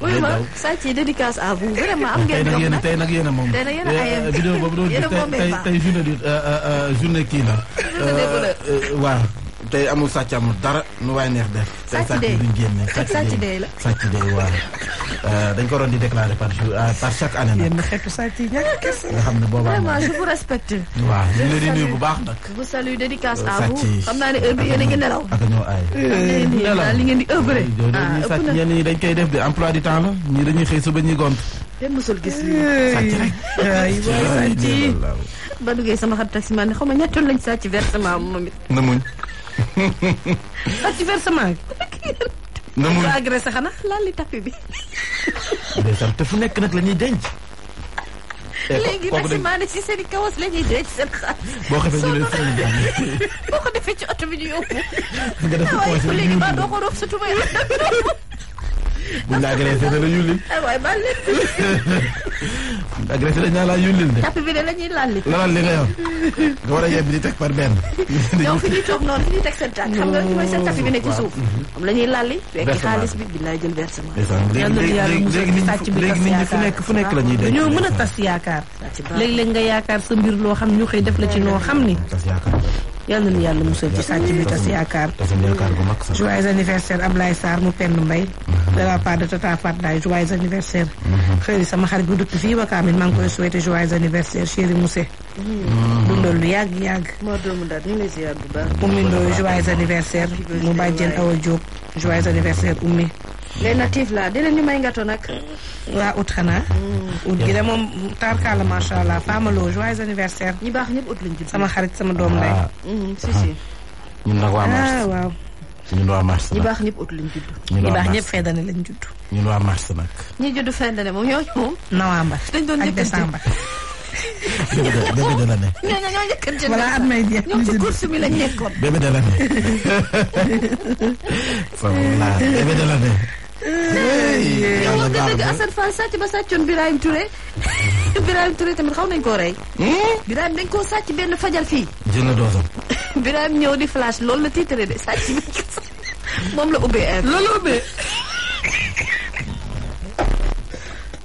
oui ma sàcc yi dédicace à a vraiment am ngeen jox nag tey nag yéen a moom. tey nag yéen a eh, ayem eh, vidéo a doon tey tey journée euh, euh, euh, journée kii la. <laughs> waaw. tey amul sàcc amul dara nu waay neex def. sàcc dee tey sàcc duñ génne. sàcc dee la sàcc dee waaw. Euh, dañ ko waroon di déclarer par jour euh, par chaque année nag. yenn xeetu sàcc yi ñàkk nga xam ne boobaa vraiment je waaw bu baax nag. vous salut dédicace à xam naa ne heure nelaw. nelaw li ngeen di œuvrer. ah ëpp na ñenn ñi dañ koy def de emploi du temps la ñii dañuy xëy suba ñuy gont. kenn mësul gis lii sàcc rek. aywa sama xarit taxi man ma ñett yoon lañ sàcc versement moom it. na muñ. sàcc versement bi. na mu agressé xanaa laal li tapis bi. ndeysaan te fu nekk nag la ñuy denc. Eh, léegi nag si maanaam si seen i kawas la ñuy denc seen xaalis. boo xamee ñu ne <laughs> ci oto bi ñu yóbbu. nga def ko conseil léegi ba doo ko roof sa tubay buñ la agressé da <laughs> <laughs> la yullil. aywa baal leen. agressé bi naa la yullil la ñuy laal li. laal li nga yor. nga war a yeb bi teg par benn. ñoom <laughs> fi ñuy toog noonu fi ñuy teg seen tànk. xam nga mooy seen tapis bi ne ci suuf. moom la ñuy laal li. fekk xaalis bi bi laay jël versement. léegi nit ñi fu nekk fu nekk la ñuy denc. ñoo mën a tas yaakaar. léeg-léeg nga yaakaar sa mbir loo xam ñu xëy def la ci noo xam ni. tas yaakaar yal nañu musal ci sàcc bi tas yaakaar. joyeux anniversaire Ablaye Sarr mu penn mbay. Mhm. de la part de Tata Fatdaay joyeux anniversaire. Mhm. xëy sama xarit bu dëkk fii Wakam it maa ngi koy souhaité joyeux anniversaire chéri Mousse. Mhm. dundal lu yàgg yàgg. moo doomu daal anniversaire mu bàjjen Awa Diop joyeux anniversaire Oumy. les natifs là di leen ñu may ngato nag. waaw ut xanaa. Mm. ut gi de moom tarkaala macha allah Pamalo joyeux anniversaire. ñi baax ñëpp ut lañ judd. sama xarit sama doom ndey. Ah. Mm-hmm, si si ah. ñun nag waa ah, mars ñi baax ñëpp ut lañ judd. ñun waa mars ñi baax ñëpp fin d'année lañ judd. ñun moom ñooñu moom. novembre ak décembre. <laughs> bébé de bébé de l'année. <laughs> ne. <laughs> yow wax nga dëgg Assane Fall sàcc ba sàccoon Birahim Touré <laughs> Birahim Touré tamit xaw nañ koo rey. Hmm? Birahim dañ koo sàcc benn fajar fii. jël na doosam. <laughs> Birahim flash loolu la tiitaree de sàcc bi <laughs> moom la ubbee air. loolu ubbee.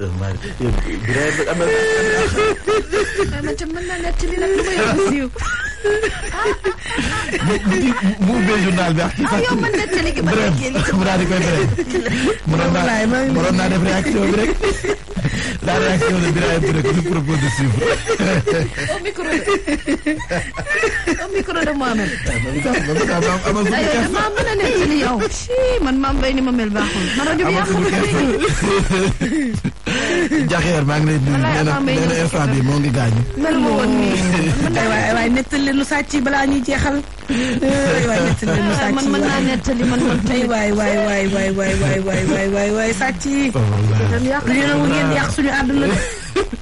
Euh, euh, Birahim am na. man tam mën naa nekk ci li bu ubbee journal bi ak. ah yow mën na tënk ba léegi koy <laughs> mënoon naa def réaction bi rek. la <laughs> réaction de Birahim Touré que nous propose de suivre. au micro de au micro de Mohamed. maa mën a nekk li yow. man maa mbay ni ma mel baaxul. ma rajo bi yàqu na <laughs> Jaxeer maa ngi lay nuyu. nee na instant bi moo ngi gaañu. mel ma woon nii. waaye waaye nettali leen nu sàcc yi balaa ñuy jeexal. <laughs> waay nettali leen nu ah, sàcc yi man naa nettali man man tey <laughs> waay waay waay waay waay waaye waay waay waay waay sàcc yi. Oh, yéen a ngeen suñu àdduna de.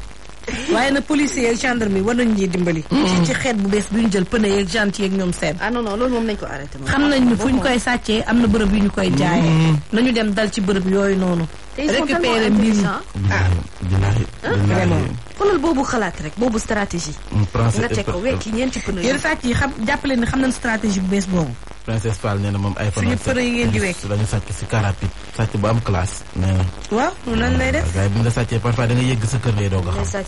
<laughs> waaye na policier ak gendarme yi war nañ ñuy dimbali. Mm. ci ci xeet bu bees bi ñu jël a yeeg gent yeeg ñoom seen. ah non non loolu moom nañu ko arrêté. xam nañ ni fu ñu koy sàccee am na bërëb yu ñu koy jaayee. Mm. nañu dem dal ci bërëb yooyu noonu. te ils sont tellement intelligents ah. xoolal boobu xalaat rek boobu stratégie. nga teg ko wekk ñeenti pneu. yéen sàcc yi xam jàppale ne xam nañ stratégie bu bees boobu. princesse Fall nee moom ay suñu përë yi ngeen di wekk dañu sàcc si karapit sàcc bu am classe nee na waaw nan lay def gars yi bu ñu la parfois da nga sa kër ngay doog a xam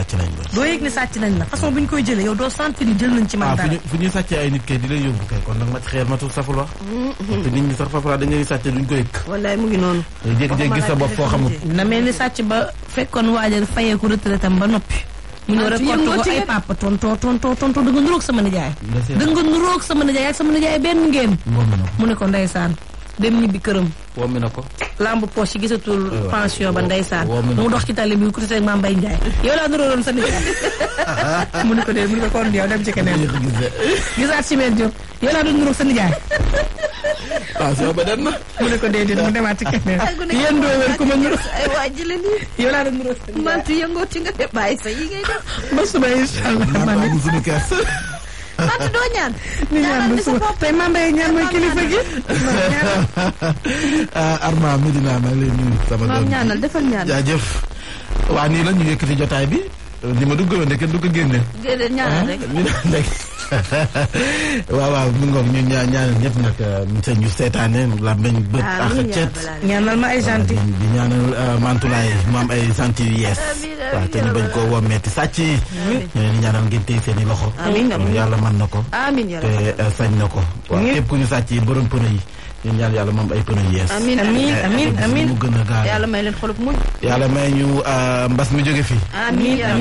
a xam ne façon bu ñu koy jëlee yow doo sentir ni jël nañ ci man ah, dara fu ñuy sàccee ay nit kay di lay yóbbu kay kon nag mat xeer matul saful wax mm-hmm. te nit ñi sax parfois da ngay sàcc duñ ko yëg wallaay mu ngi noonu jékki-jékki gis bopp foo xamul na mel ni sàcc ba fekkoon mu ñëw rek ko ay papa tonto tonto tonto da nga nuróog sama nijaay da nga nuróog sama nijaay ak sama nijaay benn ngeen mu ne ko ndeysaan dem ñibbi këram. woomi na ko. gisatul pension ba ndeysaan. mu dox ci tali bi ku tase ak Mame Mbaye Ndiaye. yow laa nuroo sa nit. <laughs> mu ne ko dee mu ne ko kon yow dem ci keneen. gisaat si meen Diop yow laa doon nuroo sa nijaay. pension <laughs> ah, ba dem na. mu ne ko déedéet mu demaat ci keneen. yéen doo wér ku ma nuroo. <laughs> aywa jëlee nii. yow laa doon nuroo sa nijaay. mantu yëngooti nga de bàyyi sa yi ngay def. Fatou doo ñaan. ni ñaan ba suba tey Mame Mbaye ñaan mooy kilifa gi. Ah, Arma Medina maa ngi lay nuyu. sama doom ñaanal defal ñaanal jaajëf. waa nii la jotaay bi. li ma duggaloon de kenn du ko génne. déedéet ñu naan rek <laughs> waaw mu ngoog ñu ñaa ñaanal ñëpp nag euh, sëñ ñu seetaane la bañ bët ah, ak cet ñaanal ma ay gentil di ñaanal euh, mantulaay mu ay gentil yu yees ah, waaw te ñu bañ koo woo metti sàcc yi ñu leen ñaanal ngeen téye seen loxo yàlla man na ko te euh, sañ na ko waaw képp ku ñu sàcc yi borom pëne yi ñu ñaan yàlla moom ay pneu eh, eh, eh, yàlla may leen euh, mi jóge fii.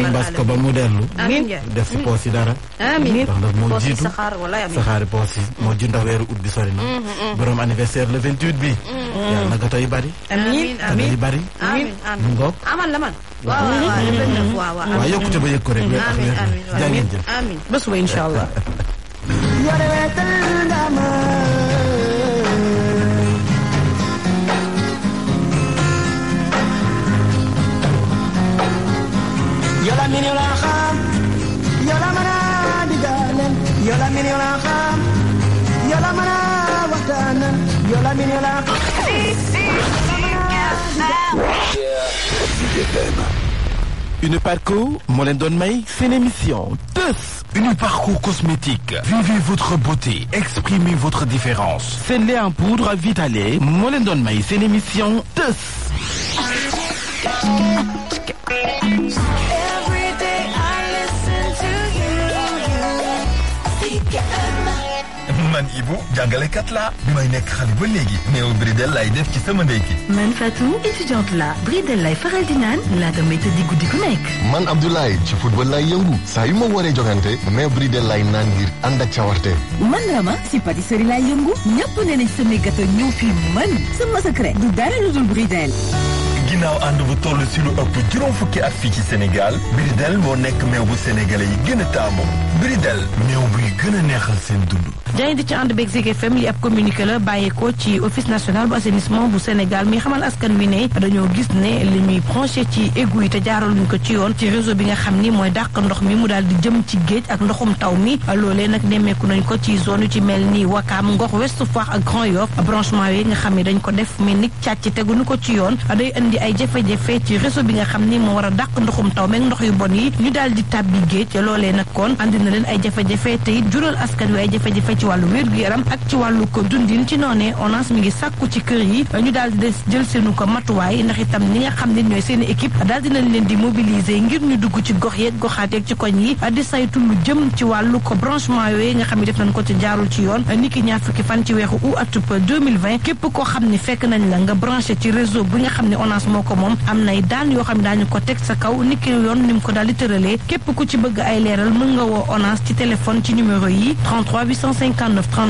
mbas ko ba mu dellu. amiin si dara. amiin ndax moo jiitu saxaari poos yi mm, mm, mm. bari. amiin amiin bari. mu amal la man. waaw yokkute ba yëg ko rek. amiin amiin jaa ngeen incha allah. <laughs> min yo laa xam yo la mën a digaanen yo la min yo laa xam yo la mën a waxtaanen yo la min yo laa xam Uniparco moo leen doon may seen émission Teuss Uniparco cosmétique vivez votre beauté exprimez votre différence seen lait en poudre Vitale moo leen doon may seen émission Teuss man Ibou jàngalekat la bi may nekk xale ba léegi néew bridel lay def ci sama ndeyki. man Fatou étudiante laa bridel lay faral di naan laata may tëddi guddi ku nekk. man Abdoulaye ci football lay yëngu saa ma waree jogante néew bridel lay naan ngir ànd ak cawarte. man Rama si pâtisserie lay yëngu ñëpp nee nañ samay gâteau ñëw fii man sama secret du dara lu dul bridel. ginnaaw ànd bu toll si lu ëpp juróom fukki at fii ci Sénégal Biridel moo nekk meew bu sénégalais yi gën a taamu Biridel meew buy gën a neexal seen dund. jaay di ci ànd beeg Zik li ab communiqué la bàyyeekoo ci office national bu assainissement bu Sénégal mi xamal askan wi ne dañoo gis ne li ñuy branché ci égout yi te jaaraluñ ko ci yoon ci réseau bi nga xam ni mooy dàq ndox mi mu daal di jëm ci géej ak ndoxum taw mi loolee nag nemmeeku nañ ko ci zone yu ci mel ni Wakaam Ngor Ouest Foire ak Grand Yoff yi nga xam ne dañ ko def mais nit càcc teguñu ko ci yoon ay jafe-jafe ci réseau bi nga xam ni moo war a dàq ndoxum taw meeg ndox yu bon yi ñu daal di tàbbi géej loolee nag kon andi na leen ay jafe-jafe te it jural askan wi ay jafe-jafe ci wàllu wér-gu-yaram ak ci wàllu ko dundin ci noonee ONAS mi ngi sàkku ci kër yi ñu daal di des jël seenu ko matuwaay ndax itam ni nga xam ne ñooy seen équipe daal dinañ leen di mobiliser ngir ñu dugg ci gox yeeg goxaateeg ci koñ yi di saytu lu jëm ci wàllu ko branchement yooyu nga xam ne def nañ ko ci jaarul yoon niki ñaar fukki fan ci weexu képp koo xam ne fekk nañ la nga branché ci réseau bi nga moo ko moom am nay daan yoo xam ne ko teg sa kaw niki yoon ni ko daal di tëralee képp ku ci bëgg ay leeral mën nga woo ONAS ci téléphone ci numéro yi 33 859 35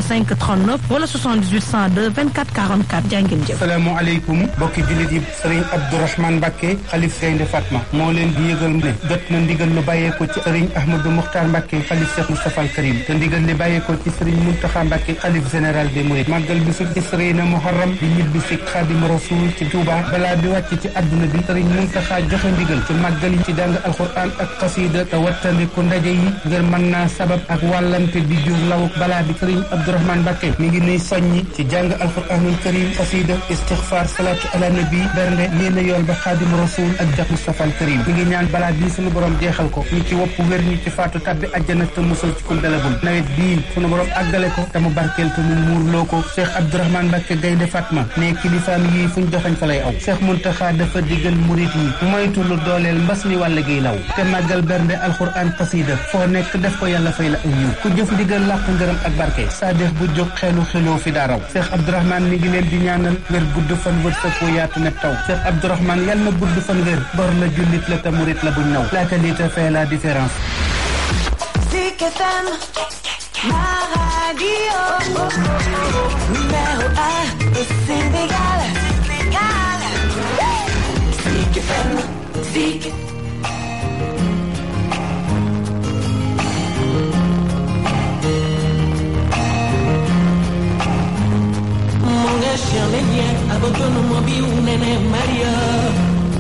jëf. salaamaaleykum mbokki jullit yi Serigne Abdourahmane Mbacke xalif Seynde Fatma moo leen di yëgal ne jot na ndigal lu bàyyeekoo ci Serigne Ahmadou Mokhtar Mbacke xalif Cheikh Moustapha Al te ndigal li bàyyeekoo ci Serigne Mountakha Mbacke xalif général des Mourides màggal bi su ci Touba wàcc ci àdduna bi sëriñ Muntaxa joxe ndigal ci màggal yi ci jàng alxuraan ak xasiida te wattandiku ndaje yi ngir mën naa sabab ak wàllante bi jur lawuk balaa bi sëriñ Abdourahmane Mbakke mi ngi nuy soññi ci jàng alxuraanul karim xasiida istixfaar salaatu ala nabi bernde yéene yool ba xaadim rasul ak jax mustafal karim mi ngi ñaan balaa bii suñu borom jeexal ko ñu ci wopp wér ñu ci faatu tabbi àjjana te musal ci kum dalagul nawet bii suñu borom àggale ko te mu barkeel te mu muurloo ko Cheikh Abdourahmane Mbakke gaynde Fatma ne kilifaam yii fuñ doxañ fa lay aw Mountakha dafa diggal murit yi moytu mbas mi wàll giy law te màggal bernde foo nekk def ko yàlla fay la ak yiw ku jëf ndigal ak barke saadix bu jóg xelu xeloo fi daaraw Cheikh Abdourahmane mi ngi leen di ñaanal wér gudd fan wër sëkku yaatu ne taw Cheikh Abdourahmane yàlla na gudd fan wér bor la jullit la te murit la buñ naw la qualité fait la différence Zik. Mon gars, chien, les liens, abandonne-moi, bi ou néné, Maria.